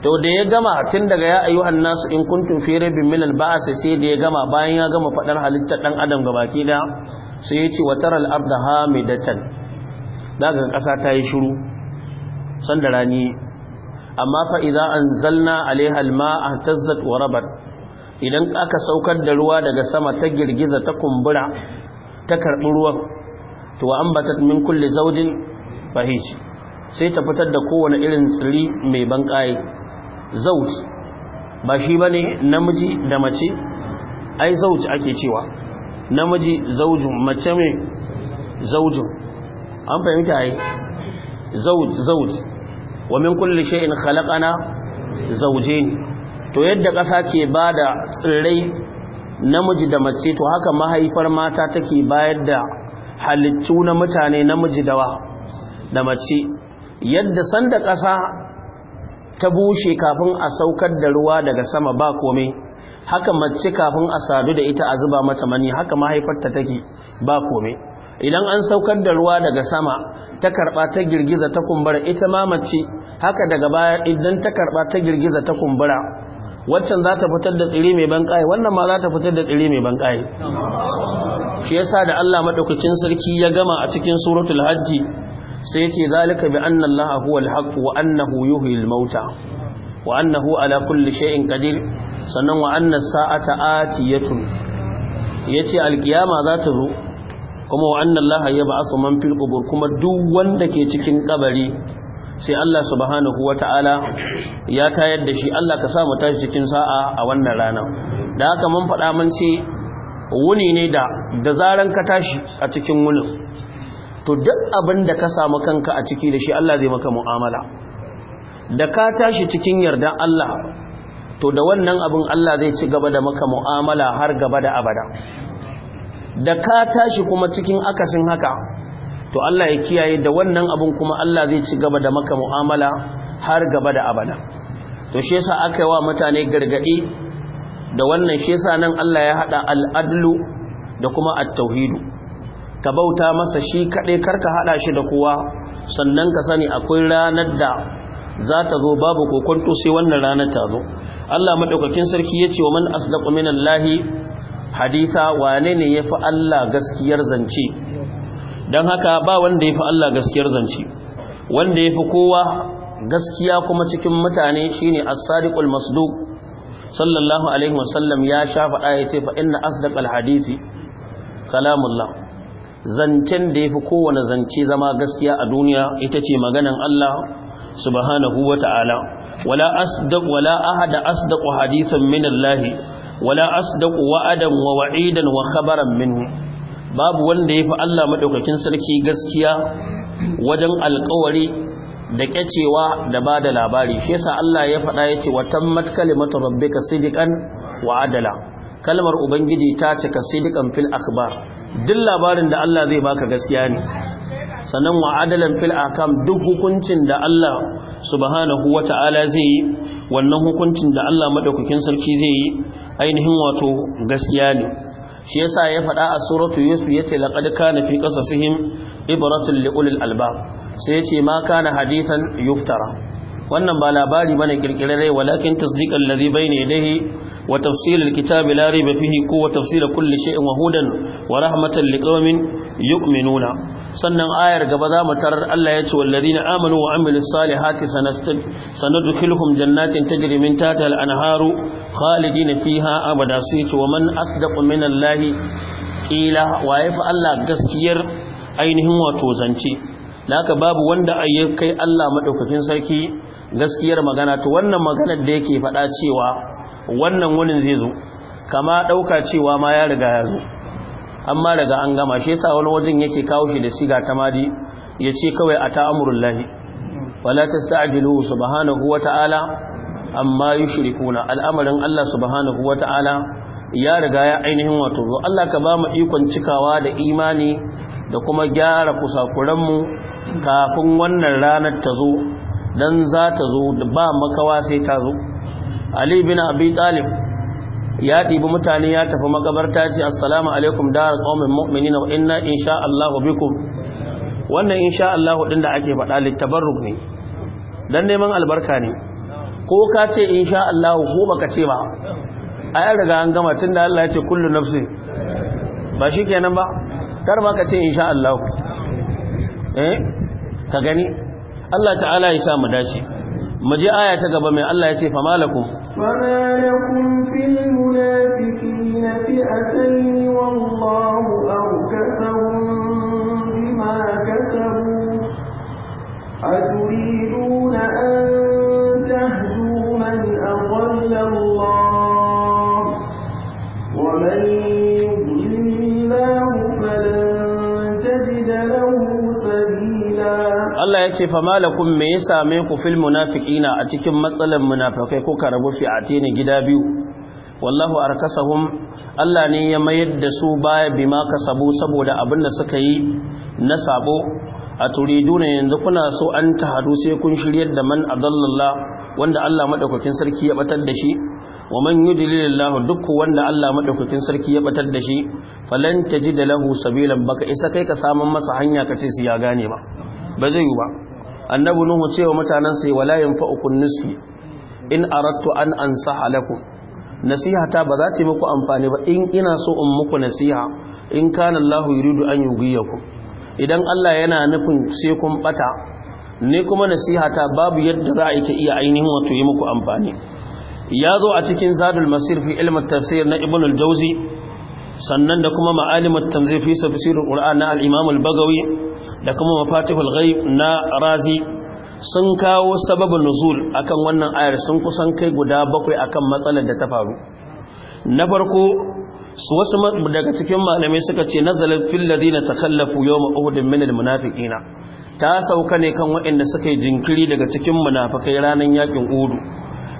to da ya gama tun daga ya ayyuhan nasu in kuntun fere bin milan ba a sai da ya gama bayan ya gama fadar halittar dan adam ga baki da sai ya ce wataral mai hamidatan daga kasa ta yi shiru sanda rani amma fa idza anzalna alaiha alma'a tazzat wa rabat idan aka saukar da ruwa daga sama ta girgiza ta kumbura ta karbi ruwan to ambatat min kulli zawjin bahij sai ta fitar da kowane irin tsiri mai banƙaye zauj ba shi bane namiji da mace ai zauj ake cewa namiji zaujun mace mai zaujun an fahimta ai zauj zauj wa min kulli shay'in khalaqana zawjayn to yadda ƙasa ke bada tsirrai namiji da mace to haka mahaifar mata take bayar da halittu na mutane namiji da mace yadda sanda ƙasa ta bushe kafin a saukar da ruwa daga sama ba komai haka mace kafin a sadu da ita a zuba mata mani haka mahaifarta take ba komai idan an saukar da ruwa daga sama ta karba ta girgiza ta kumbura ita ma mace haka daga baya idan ta karba ta girgiza ta kumbura waccan za ta fitar da tsire mai banƙaye wannan ma za ta fitar da tsire mai banƙaye shi yasa da Allah madaukakin sarki ya gama a cikin suratul hajji sai ya ce zalika bi anna Allah huwa al-haq wa annahu yuhyil mauta wa annahu ala kulli shay'in qadir sannan wa anna saata atiyatun yace alkiyama za ta zo kuma wa annan laha ya man fil qubur kuma duk wanda ke cikin kabari sai Allah subhanahu wata'ala ya tayar da shi Allah ka sa mu tashi cikin sa'a a wannan rana da haka mun faɗa mun ce wuni ne da da zaran ka tashi a cikin wunin to duk abin da ka samu kanka a ciki da shi Allah zai maka mu'amala da ka tashi cikin yardan Allah to da wannan abin Allah zai ci gaba da maka mu'amala har gaba da abada da ka tashi kuma cikin akasin haka to Allah ya kiyaye da wannan abun kuma Allah zai ci gaba da maka mu'amala har gaba da abada to shi yasa aka yi wa mutane gargadi da wannan shi yasa nan Allah ya hada al da kuma at-tauhidu ka bauta masa shi kade karka hada shi da kowa sannan ka sani akwai ranar da za ta zo babu kokonto sai wannan ranar ta zo Allah madaukakin sarki ya ce wa man asdaqu minallahi hadisa wane ne ya fi Allah gaskiyar zance don haka ba wanda ya fi Allah gaskiyar zance wanda ya fi kowa gaskiya kuma cikin mutane shine as-sadiqul masduq sallallahu alaihi wasallam ya sha faɗa ya ce fa inna asdaqal hadisi kalamullah zancen da yafi kowane zance zama gaskiya a duniya ita ce maganan Allah subhanahu ta'ala. wala asdaq wala ahada asdaqu hadithan min Allah wala asdaqu wa'adan wa wa'idan wa khabaran minhu babu wanda yafi Allah madaukakin sarki gaskiya wajen alƙawari da kyacewa da bada labari shi yasa Allah ya faɗa yace wa tammat kalimatu rabbika sidqan wa adala kalmar ubangiji ta cika sidqan fil akhbar. duk labarin da Allah zai baka gaskiya ne sannan wa adalan fil akam duk hukuncin da Allah subhanahu wata'ala zai yi wannan hukuncin da Allah madaukakin sarki zai yi ainihin wato gaskiya ne shi yasa ya faɗa a suratu yusuf yace laqad kana fi qasasihim ibratun li ulil albab sai yace ma kana hadithan yuftara wannan ba labari bane kirkirare walakin tasdiqal ladhi bayna yadayhi wa tafsil alkitabi la rayba fihi ku wa tafsil kulli shay'in wa hudan wa rahmatan liqaumin yu'minuna sannan ayar gaba za mu tarar Allah ya ce walladina amanu wa amilus salihati sanadkhiluhum jannatin tajri min tahtiha al-anharu khalidina fiha abada sai wa man asdaqu min Allah qila wa yafa Allah gaskiyar ainihin wato zance da haka babu wanda ayyukai Allah madaukakin sarki gaskiyar magana to wannan maganar da yake faɗa cewa wannan wunin zai zo kama ɗauka cewa ma ya riga ya zo amma daga an gama shi yasa wani wajen yake kawo shi da siga ta madi ya ce kawai a ta'amurin lahi wala ta subhanahu wa ta'ala amma yi shirikuna al'amarin Allah subhanahu wa ta'ala ya riga ya ainihin wato zo Allah ka ba mu ikon cikawa da imani da kuma gyara kusakuranmu kafin wannan ranar ta zo dan za ta zo ba makawa sai ta zo ali bin abi talib ya ɗibi mutane ya tafi makabarta ce assalamu alaikum dar qaumin mu'minina wa inna insha Allah bikum wannan insha Allah din da ake faɗa litabarruk ne dan neman albarka ne ko ka ce insha Allah ko baka ce ba ai riga an gama tunda Allah ya ce kullu nafsi ba shikenan ba kar ma ka ce insha Allah eh ka gani Allah ta'ala ya sa mu dace maji aya ta gaba mai Allah ya ce fa malakum fa malakum fil munafiqina fi'atayn wallahu awkatahum bima kasabu aturiduna an tahdu man adalla Allah Allah ya ce fa malakum me ya same ku fil munafiqina a cikin matsalan munafikai ko ka rabu ne gida biyu wallahu arkasahum Allah ne ya mayar da su baya bima kasabu saboda abin da suka yi na sabo a turiduna yanzu kuna so an tahadu sai kun shiryar da man adallallah wanda Allah madaukakin sarki ya batar da shi wa man yudlilillahu duk wanda Allah madaukakin sarki ya batar da shi falan tajid lahu sabilan baka isa kai ka samun masa hanya kace su ya gane ba ba zai yi ba annabi nuhu cewa mutanen sai wala yanfa'ukum nisfi in aradtu an ansaha lakum nasiha ta ba za ta muku amfani ba in ina so in muku nasiha in kana Allahu yuridu an yughyikum idan Allah yana nufin sai kun bata ne kuma nasiha ta babu yadda za a iya ainihin wato yi muku amfani ya zo a cikin zadul masir fi ilmin tafsir na ibn al-jauzi sannan da kuma ma'alimar tanzir fi tafsirul qur'an na al-imam bagawi da kuma mafatihul na razi sun kawo sababin nuzul akan wannan ayar sun kusan kai guda bakwai akan matsalar da ta faru na farko su wasu daga cikin malamai suka ce nazalat fil na takhallafu yawm uhud min al-munafiqina ta sauka ne kan waɗanda suka yi jinkiri daga cikin munafikai ranar yakin udu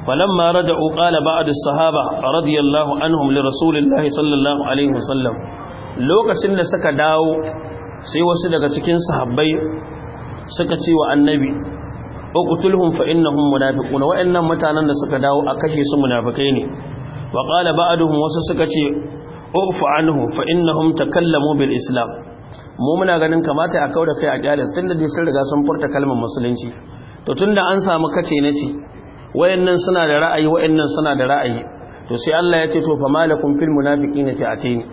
فلما رجعوا قال بعض الصحابة رضي الله عنهم لرسول الله صلى الله عليه وسلم lokacin da suka dawo sai wasu daga cikin sahabbai suka ce wa annabi uqtulhum fa innahum munafiqun wa'annan mutanen da suka dawo a kashe su munafikai ne wa qala ba'duhum wasu suka ce urfu anhu fa innahum takallamu bil islam mu muna ganin kamata a kauda kai a kyale tunda dai sun riga sun furta kalmar musulunci to tunda an samu kace nace wayannan suna da ra'ayi wayannan suna da ra'ayi to sai Allah ya ce to fa malakum fil munafiqina fi'atayn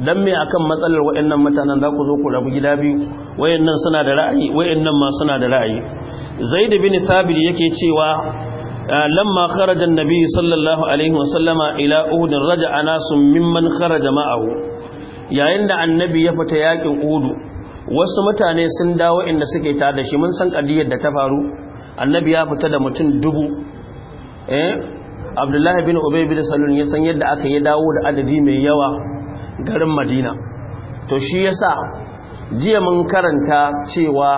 dan me akan matsalar wayannan mutanen za ku zo ku rabu gida biyu wayannan suna da ra'ayi wayannan ma suna da ra'ayi zaid bin sabir yake cewa ah, lamma kharaja an-nabi sallallahu alaihi wasallama ila uhud raja'a nasun mimman kharaja ma'ahu yayin da annabi ya fita yakin uhud wasu mutane sun dawo inda suke tada shi mun san kadiyar da ta faru annabi ya fita da mutum dubu eh abdullahi bin ubay bin salul ya san yadda aka yi dawo da adadi mai yawa garin madina to shi yasa jiya mun karanta cewa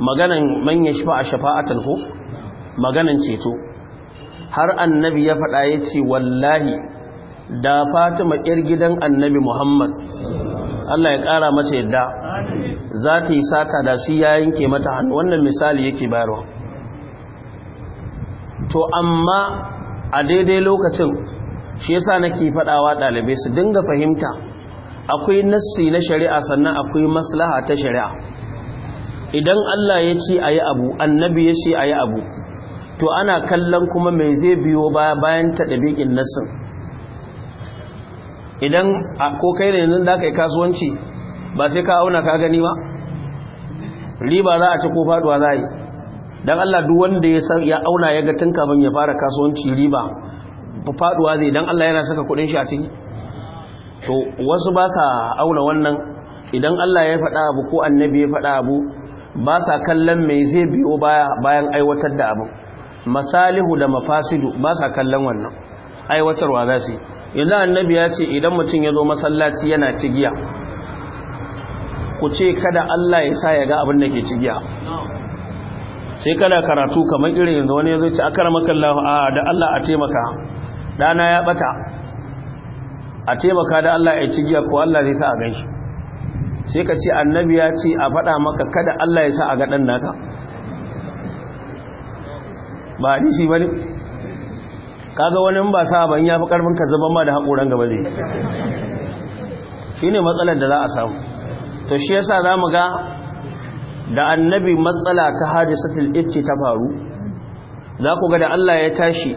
maganan man yashfa a shafa'atan ko maganan ceto har annabi ya faɗa ya ce wallahi da fatima yar gidan annabi muhammad Allah ya kara mace yadda za ta yi sata da shi ya yanke mata hannu wannan misali yake bayarwa to amma a daidai lokacin shi yasa nake faɗawa dalibai su dinga fahimta akwai nassi na shari'a sannan akwai maslaha ta shari'a idan Allah ya ce ayi abu annabi ya ce ayi abu to ana kallon kuma me zai biyo baya bayan ta dabiqin nassin idan ko kai ne nan da kai kasuwanci ba sai ka auna ka gani ba riba za a ci ko faduwa za a yi dan Allah duk wanda ya san ya auna ya ga tun kafin ya fara kasuwanci riba faduwa zai dan Allah yana saka kudin shi a ciki to wasu ba sa auna wannan idan Allah ya faɗa abu ko annabi ya faɗa abu ba sa kallon me zai biyo baya bayan aiwatar da abu masalihu da mafasidu ba sa kallon wannan aiwatarwa za su yanzu annabi ya ce idan mutum ya zo masallaci yana cigiya ku ce kada Allah ya sa ya ga abin da ke cigiya sai kana karatu kamar irin yanzu wani ya zai a akar makallahu a da Allah a taimaka dana ya bata a taimaka da Allah ya ci ko Allah zai sa a ganshi sai ka ce annabi ya ce a faɗa maka kada Allah ya sa a ga ɗan naka ba a nishi ba ne kaga wani ba sa ban ya fi karfin ka zaban ma da haƙoran gaba zai shi ne matsalar da za a samu to shi yasa za mu ga da annabi matsala ta hadisatul ifti ta faru za ku ga da Allah ya tashi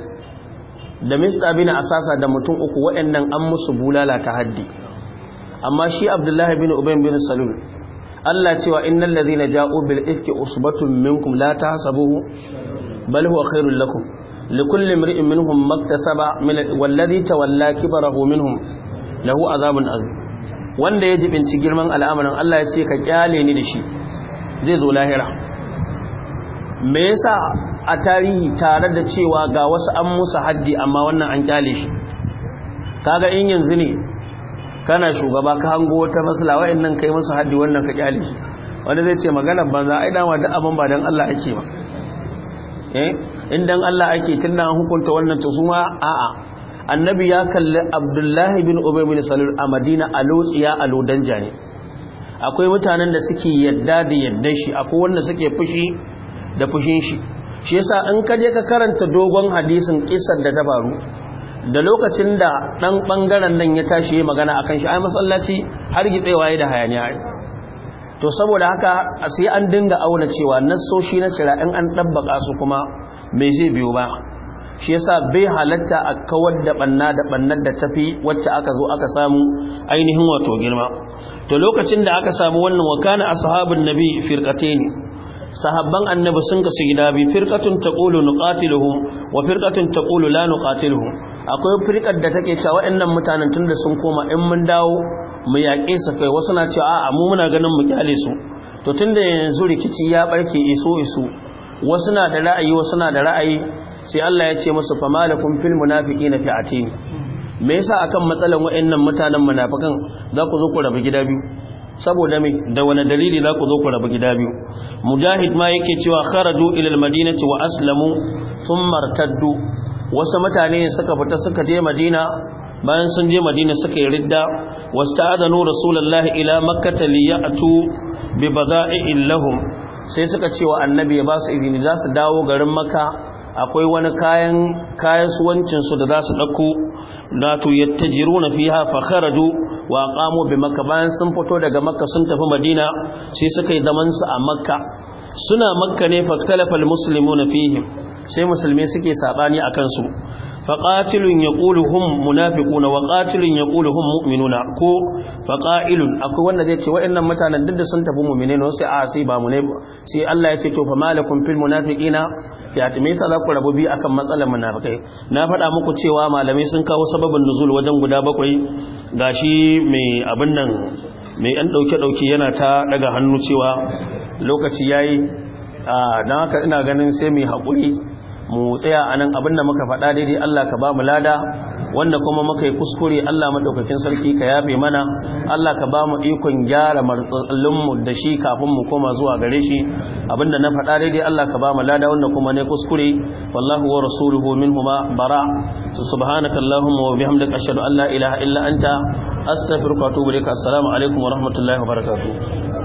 da mista bin asasa da mutum uku waɗannan an musu bulala ta haddi amma shi abdullahi bin ubayn bin salul Allah cewa innal ladhina ja'u bil ifki usbatun minkum la tahsabuhu bal huwa khairul lakum likulli imri'in minhum maktasaba wal ladhi tawalla kibrahu minhum lahu azabun azim wanda ya jibinci girman al'amarin Allah ya ce ka kyale ni da shi zai zo lahira me yasa a tarihi tare da cewa ga wasu an musu haddi amma wannan an kyale shi kaga in yanzu ne kana shugaba ka hango wata masala wa'annan kai musu haddi wannan ka kyale shi wanda zai ce maganar banza ai dama da abin ba dan Allah ake ba eh in dan Allah ake tunda an hukunta wannan to kuma a'a annabi ya kalli Abdullahi bin Ubay bin Salul a Madina a lotsiya a lodanja ne akwai mutanen da suke yadda da yadda shi akwai wanda suke fushi da fushin shi shi yasa in ka je ka karanta dogon hadisin kisar da ta faru da lokacin da dan bangaren nan ya tashi ya magana akan shi ai masallaci har gitsewa da hayaniya to saboda haka sai an dinga auna cewa nasoshi na shari'a in an dabbaka su kuma me zai biyo ba shi yasa bai halatta a kawar da banna da bannar da tafi wacce aka zo aka samu ainihin wato girma to lokacin da aka samu wannan wa kana ashabun nabi firqatayn sahabban annabi sun kasu gida bi firqatun taqulu nuqatiluhum wa firqatun taqulu la nuqatiluhum akwai firqar da take cewa waɗannan mutanen tunda sun koma in mun dawo mu yaƙe su kai wasu na cewa a'a mu muna ganin mu kyale su to tunda yanzu rikici ya barke iso iso wasu na da ra'ayi wasu na da ra'ayi sai Allah ya ce musu fama lakum fil munafiqina fi'atin me yasa akan matsalan wayannan mutanen munafikan za ku zo ku rabu gida biyu saboda me da wani dalili za ku zo ku rabu gida biyu mujahid ma yake cewa kharaju ila al madinati wa aslamu thumma martaddu, wasu mutane suka fita suka je madina bayan sun je madina suka yi ridda wasta'adanu rasulullahi ila makkata liya'tu bi bada'in lahum sai suka cewa annabi ya ba su izini za su dawo garin makka akwai wani kayan kayasuwancinsu da za su ɗauko na tuyatta jiru na fiha kharaju wa ƙamo bi maka bayan sun fito daga makka sun tafi madina sai suka yi su a makka suna makka ne faktalafal musulmi na fihim sai musulmi suke saɓani a kansu faƙatilun ya ƙulu munafikuna wa ƙatilun ya ƙulu mu'minuna ko faƙa'ilun akwai wanda zai ce waɗannan mutanen duk da sun tafi mummine ne sai a sai ba mu ne sai Allah ya ce to fa malakum fil munafiqina ya ta me yasa za ku rabu bi akan matsalar munafikai na faɗa muku cewa malamai sun kawo sababin nuzul wajen guda bakwai gashi mai abin nan mai ɗan ɗauke-ɗauke yana ta daga hannu cewa lokaci yayi a don haka ina ganin sai mai hakuri. mu tsaya anan abinda muka faɗa daidai Allah ka ba mu lada wanda kuma muka yi kuskure Allah maɗaukakin sarki ka yafe mana Allah ka ba mu ikon gyara martsallinmu mu da shi kafin mu koma zuwa gare shi abinda na faɗa daidai Allah ka ba mu lada wanda kuma ne kuskure wallahu wa rasuluhu minhuma bara subhanaka allahumma wa bihamdika ashhadu an la ilaha illa anta astaghfiruka wa atubu ilaik assalamu alaikum wa rahmatullahi wa barakatuh